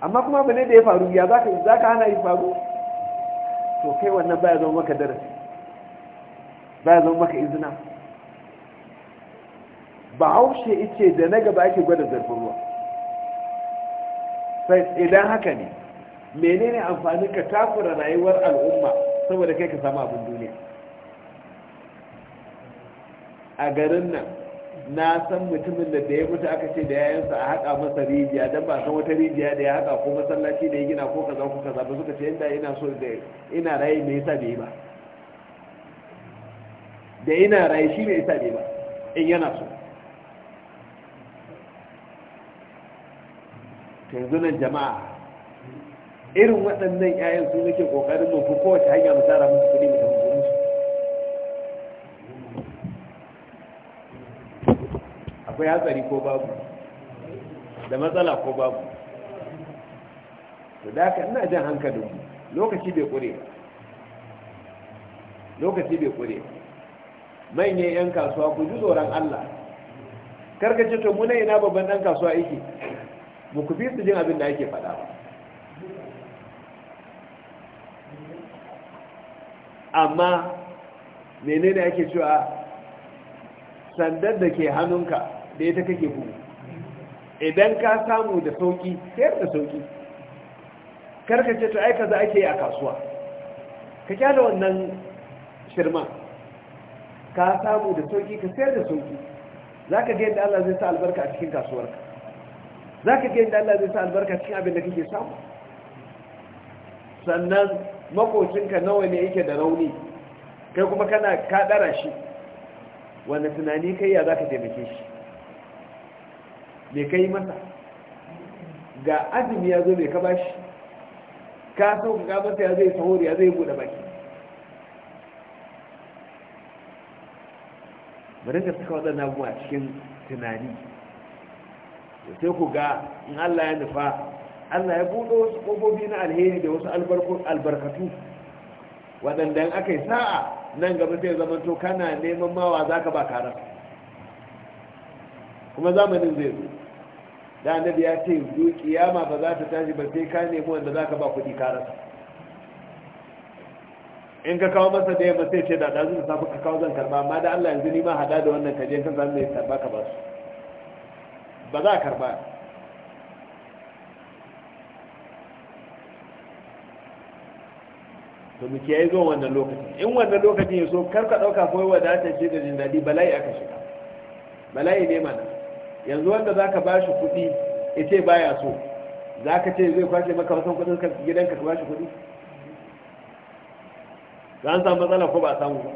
amma kuma bane da ya faru ya za ka hana yi faru to kai wannan baya zama maka darasi baya zama maka izina ba haushe ice da na gaba ake gwada zarfin ruwa sai idan haka ne menene amfanin ka takura rayuwar al'umma saboda kai ka samu abin duniya a garin nan na san mutumin da ya mutu aka ce da yayansa a haka masa rijiya don ba san wata rijiya da ya haka ko masallaci da ya gina ko kaza ko kaza ba suka ce inda ina so da ina raye me yasa bai ba da ina raye shi me yasa bai ba in yana so yanzu nan jama'a irin waɗannan 'ya'yan su nake ƙoƙarin mafi kowace hanya mu tara musu kuɗi mu tafi musu akwai hatsari ko babu da matsala ko babu to da haka ina jan hankalin lokaci bai ƙure lokaci bai ƙure manyan 'yan kasuwa ku ji tsoron Allah karkace to muna ina babban ɗan kasuwa yake mu ku fi su jin abin da ake faɗa ba amma menene ake cewa sandar da ke hannunka da ita kake kuma idan ka samu da sauki sayar da sauki karkace ta aika za ake yi a kasuwa ka kyala wannan shirman ka samu da sauki ka sayar da sauki za ka yadda Allah zai sa albarka a cikin kasuwarka za ka yadda Allah zai sa albarka cikin abin da kake samu sannan makocinka nawa ne yake da rauni kai kuma kana kadara shi wanda tunani kai ya za ka taimake shi mai kai masa ga azumi ya zo mai ka bashi ka so ka masa ya zai sahori ya zai bude baki bari ka saka waɗannan abubuwa cikin tunani sai ku ga in allah ya nufa Allah ya buɗo wasu ƙofofi na alheri da wasu albarkatu waɗanda aka yi sa'a nan gaba zai zama to kana neman mawa za ka ba karar kuma zamanin zai zo da annabi ya ce zo kiyama ba za ta tashi ba sai ka nemi wanda za ka ba kuɗi karar in ka kawo masa da yamma sai ce da ɗazu da safi ka kawo zan karba amma da Allah yanzu ni ma hada da wannan kaje kan zan mai karba ka ba su ba za a karba to mu kiyaye zuwa wannan lokacin in wannan lokacin ya so kar ka dauka ko wadata ce da jin dadi bala'i aka shiga bala'i ne mana yanzu wanda zaka shi kuɗi yace baya so zaka ce zai kwashe maka wasan kuɗin ka gidanka ka bashi kuɗi za an samu matsala ko ba samu ba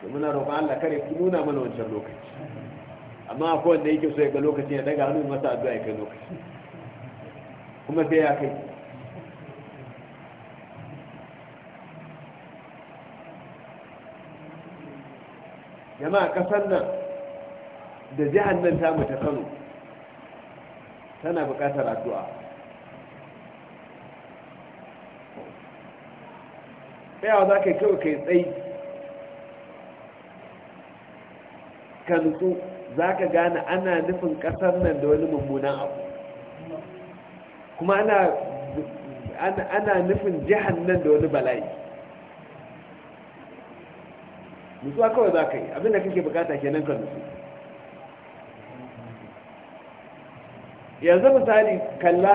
to muna roƙon Allah kare ku nuna mana wancan lokaci amma akwai wanda yake so ya ga lokacin ya daga hannu masa addu'a ya kai lokaci kuma sai ya kai jama'a kasar nan da jihar nan ta mu ta kano tana buƙatar addu'a tsayawa za ka yi kyau kai tsayi ka nutsu za ka gane ana nufin kasar nan da wani mummunan abu kuma ana nufin jihar nan da wani bala'i mutuwa kawai za ka yi abinda kake bukata kenan ka nutsu yanzu misali kalla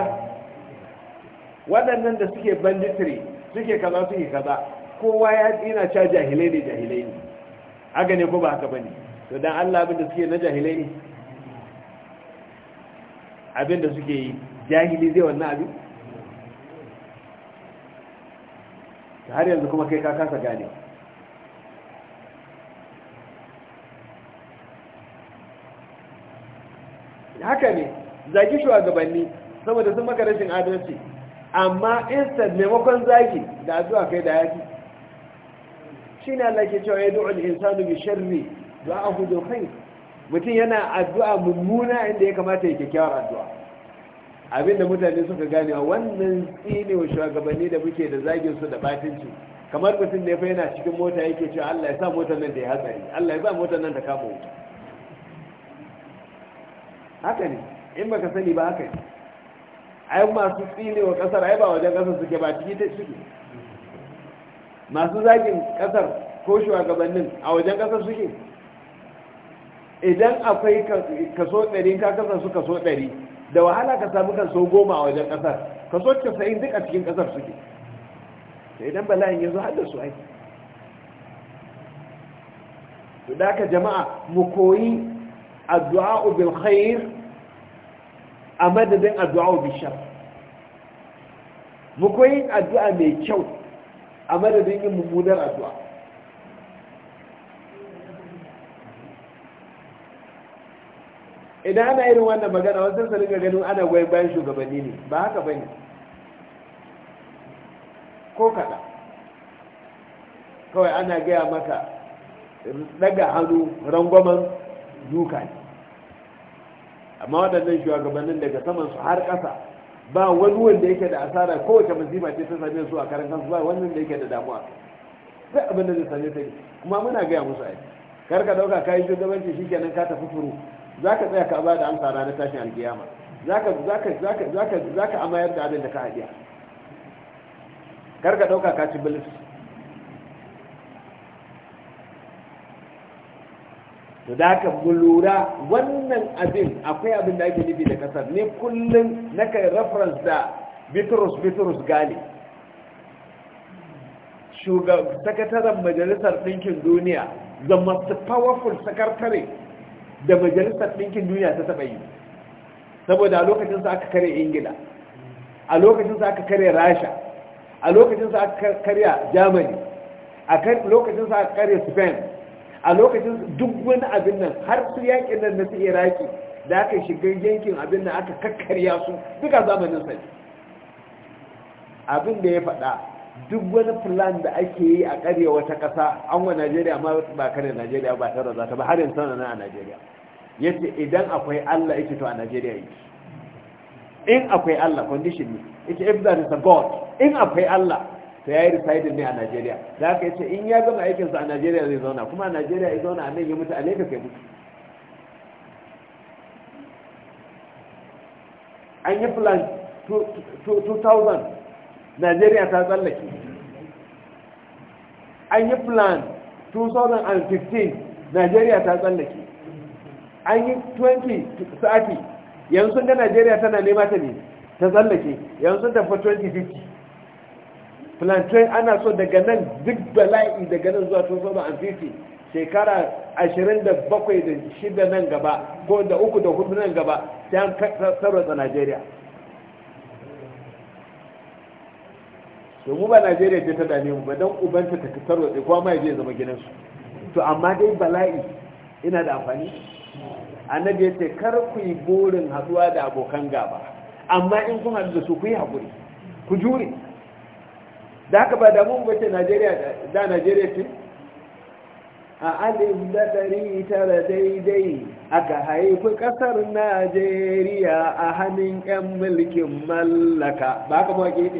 waɗannan da suke banditiri suke kaza suke kaza kowa ya tsina ca jahilai ne jahilai ne haka ne ko ba haka ba ne, to dan Allah abinda suke na jahilai ne abinda suke yi jahili zai wannan abin har yanzu kuma kai ka kasa gane haka ne zagi shugabanni saboda sun maka rashin adalci amma instant maimakon zaki da addu'a kai da yaki shine Allah ke cewa yad'u al-insanu bi sharri du'ahu bil khair mutum yana addu'a mummuna inda ya kamata ya kyakkyawar addu'a abinda mutane suka gane wannan tsine wa shugabanni da muke da zagin su da batinci kamar mutum ne fa yana cikin mota yake cewa Allah ya sa motar nan da ya hatsari Allah ya sa motar nan ta kama wuta haka ne in baka sani ba haka ne ai masu tsine wa kasar ai ba wajen kasar suke ba ciki ta suke masu zagin kasar ko shugabannin a wajen kasar suke idan akwai kaso ɗari ka kasar su kaso ɗari da wahala ka samu kaso goma a wajen kasar kaso casa'in duk a cikin kasar suke sai idan bala'in ya zo haddasa su aiki da ka jama'a mu koyi addu'a bil khair a madadin addu'a wa bishar addu'a mai kyau a madadin yin mummunar addu'a idan ana irin wannan magana wasu sun ga ganin ana gwai bayan shugabanni ne ba haka ba ne ko kada, kawai ana gaya maka daga hannu rangwamen duka amma waɗannan shugabannin daga saman su har ƙasa ba wani wanda yake da asara kowace masifa ce ta same su a karan kansu ba wannan da yake da damuwa sai abin da zai same ta kuma muna gaya musu ai kar ka dauka kai shugabanci shikenan ka tafi furu zaka tsaya ka ba da amsa na tashin alkiyama zaka zaka zaka zaka zaka amayar da abin da ka hadiya kar ka dauka ka ci bilis to da ka mu lura wannan abin akwai abin da ake nufi da kasar ne kullum na kai reference da bitrus bitrus gali sakataren majalisar ɗinkin duniya the most powerful secretary da majalisar ɗinkin duniya ta taɓa yi saboda a lokacin sa aka kare ingila a lokacin sa aka kare rasha a lokacin sa aka karya germany a lokacin sa aka kare spain a lokacin duk wani abin nan har su yakin nan na su iraki da aka shiga yankin abin nan aka kakkarya su duka zamanin sai abin da ya faɗa duk wani plan da ake yi a ƙarya wata ƙasa an wa najeriya ma ba kare najeriya ba tare da ta ba har yanzu nan a najeriya yace idan akwai allah yake to a najeriya yake in akwai allah condition ne yace if there is a god in akwai allah ta ya yi retired ne a najeriya da yi ce in ya gama aikinsa a najeriya zai zauna kuma a najeriya ya zauna a nan ya mutu a lagos ya mutu an yi plan 2000 najeriya ta tsallake an yi plan 2015 najeriya ta tsallake an yi 20 sa'afi yanzu ga najeriya tana nema ta ne ta tsallake yanzu sun tafi 2050 plantain ana so daga nan duk bala'i daga nan zuwa sun zama an fifi shekara ashirin da bakwai da shida nan gaba ko da uku da hudu nan gaba sai an sarrafa najeriya domin ba najeriya ce ta dame mu ba don ubanta ta sarrafa kuma mai ya zama gidansu to amma dai bala'i ina da amfani annabi ya ce kar ku yi burin haduwa da abokan gaba amma in kun haɗu da su ku yi haƙuri ku jure da haka ba ba bace najeriya da najeriya ce a alif da ɗari tara daidai aka haifi ƙasar najeriya a hannun 'yan mulkin mallaka ba haka mawa ne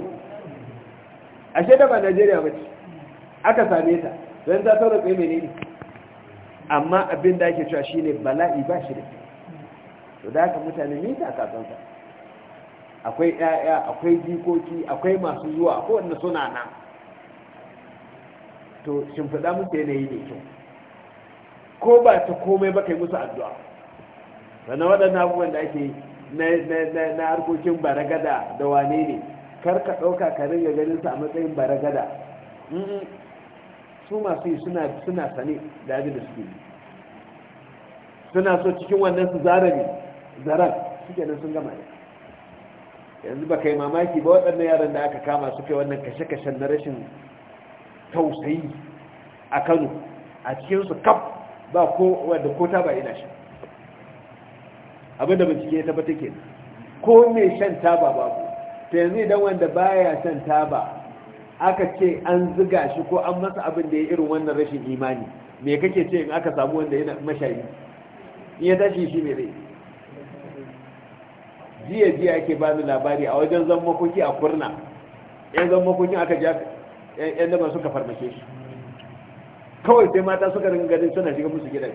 a da ba najeriya ba ce aka same ta don ta sauran kai mai ne amma abin da ake cewa ne, bala'i ba shi da to da haka mutane ne a kasansa akwai ƴaƴa akwai jikoki akwai masu zuwa ko wanda suna nan to shimfiɗa musu yanayi ne kyau ko ba ta komai ba kai musu addu'a sannan waɗannan abubuwan da ake na harkokin baragada da wane ne kar ka ɗauka ka ringa ganin su a matsayin baragada su masu yi suna sane da abin da suke yi suna so cikin wannan su zarabi zarar suke nan sun gama ne yanzu ba kai mamaki ba waɗannan yaran da aka kama su kai wannan kashe-kashen na rashin tausayi a kano a cikinsu kaf ba ko wadda ko ta ba ina shi abinda bincike ta tabbata ke ko ne shan taba babu ta yanzu idan wanda baya shan taba aka ce an ziga shi ko an masa abin da ya irin wannan rashin imani me kake ce in aka samu wanda yana mashayi in ya tashi shi mai rai jiya jiya ake ba ni labari a wajen zan makoki a kurna yan zan makokin aka ja yan daban suka farmake shi kawai sai mata suka ringa gadin suna shiga musu gidan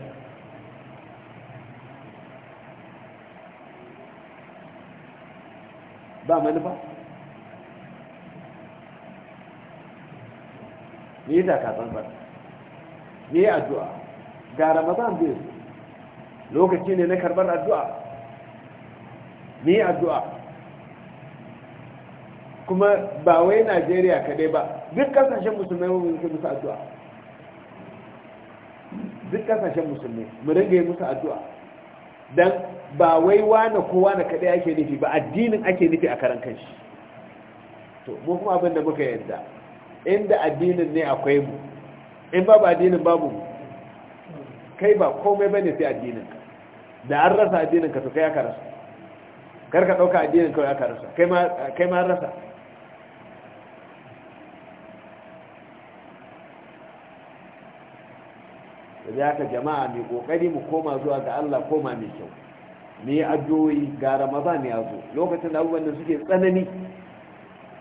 ba manufa me yi takatsantsan me yi addu'a ga ramadan bai lokaci ne na karbar addu'a mu yi addu'a kuma ba wai najeriya kadai ba duk kasashen musulmai mu yi musu addu'a duk kasashen musulmai mu ringa yi musu addu'a don ba wai wane kowa na kadai ake nufi ba addinin ake nufi a karan kanshi to mu kuma abin da muka yadda, inda addinin ne akwai mu in ba addinin babu kai ba komai bane sai addinin da an rasa addinin ka to kai aka rasa karka ɗauka addinin kawai aka rasa kai ma rasa da haka jama'a mai kokari mu koma zuwa ga Allah koma mai kyau mu yi addu'o'i ga Ramadan ya zo lokacin da abubuwan da suke tsanani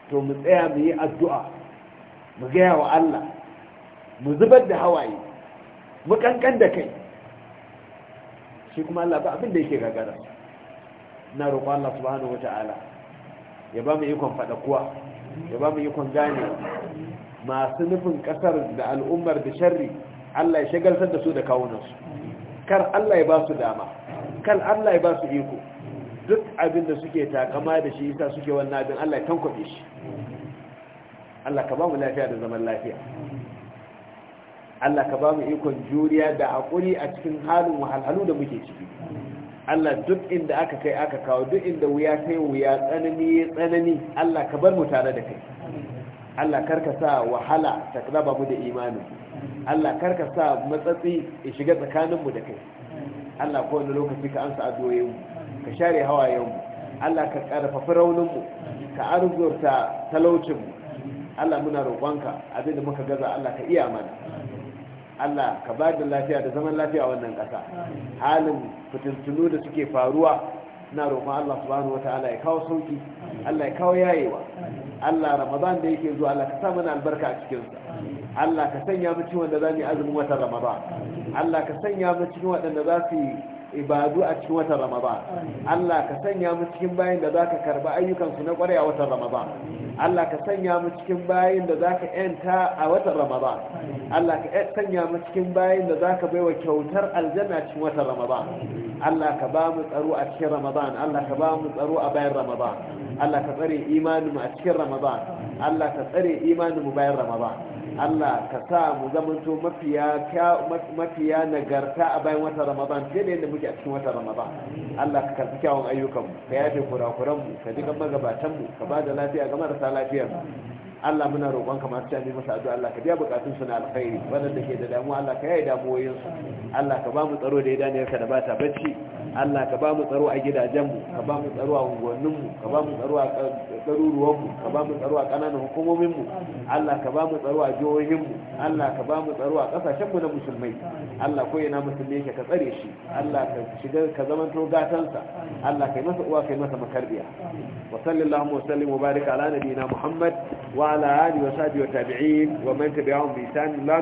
to mu tsaya mu yi addu'a mu gaya wa Allah mu zubar da hawaye mu kankan da kai shi kuma Allah ba abin da yake gagara na roƙon Allah subhanahu wata'ala ya ba mu ikon kuwa. ya ba mu ikon gane masu nufin ƙasar da al'ummar da sharri Allah ya shagaltar da su da kawunansu kar Allah ya ba su dama kar Allah ya ba su iko duk abin da suke takama da shi yasa suke wannan abin Allah ya tankwabe shi Allah ka ba mu lafiya da zaman lafiya Allah ka ba mu ikon juriya da haƙuri a cikin halin wahalhalu da muke ciki Allah duk inda aka kai aka kawo duk inda wuya kai wuya tsanani ya tsanani Allah ka bar mu tare da kai Allah karka sa wahala ta raba mu da imanin Allah karka sa matsatsi ya shiga tsakanin mu da kai Allah ko wani lokaci ka amsa addu'o'in mu ka share hawayen mu Allah ka karfafa raunin mu ka arzurta talaucin mu Allah muna roƙonka abinda muka gaza Allah ka iya mana Allah ka ba da lafiya da zaman lafiya a wannan ƙasa halin fitintunu da suke faruwa na roƙon Allah subhanahu wataala ya kawo sauki Allah ya kawo yayewa Allah Ramadan da yake zuwa Allah ka sa mana albarka a cikin Allah ka sanya mu cikin wanda mu yi azumin watan Ramadan Allah ka sanya mu cikin waɗanda za su yi ibadu a cikin watan ramadan Allah ka sanya mu cikin bayin da zaka karba ayyukan su na kware a watan ramadan Allah ka sanya mu cikin bayin da zaka yanta a watan ramadan Allah ka sanya mu cikin bayin da zaka baiwa kyautar aljanna cikin watan ramadan Allah ka ba mu tsaro a cikin ramadan Allah ka ba mu tsaro a bayan ramadan Allah ka tsare imanin mu a cikin ramadan Allah ka tsare imanin mu bayan ba. Allah ka sa mu zamanto mafiya mafiya nagarta a bayan watan Ramadan fiye da yadda muke a cikin watan Ramadan Allah ka karbi kyawun ayyukan mu ka yafe kurakuran mu ka ji magabatan mu ka bada lafiya ga marasa lafiyar Allah muna roƙon ka masu cani masa addu'a Allah ka biya bukatun su na alkhairi wanda ke da damuwa Allah ka yaye damuwoyin su Allah ka ba mu tsaro da ya daniyarka da ba ta bacci Allah ka ba mu tsaro a gidajenmu ka ba mu tsaro a unguwanninmu ka ba mu tsaro a ɗaruruwanmu ka ba mu tsaro a ƙananan hukumominmu Allah ka ba mu tsaro a jihohinmu Allah ka ba mu tsaro a ƙasashenmu na musulmai Allah ko ina musulmi yake ka tsare shi Allah ka shiga ka zamanto gatansa Allah kai masa uwa kai masa makarbiya wa sallallahu wa sallim wa barik ala nabiyina Muhammad wa ala alihi wa sahbihi wa tabi'in wa man tabi'ahum bi ihsan ila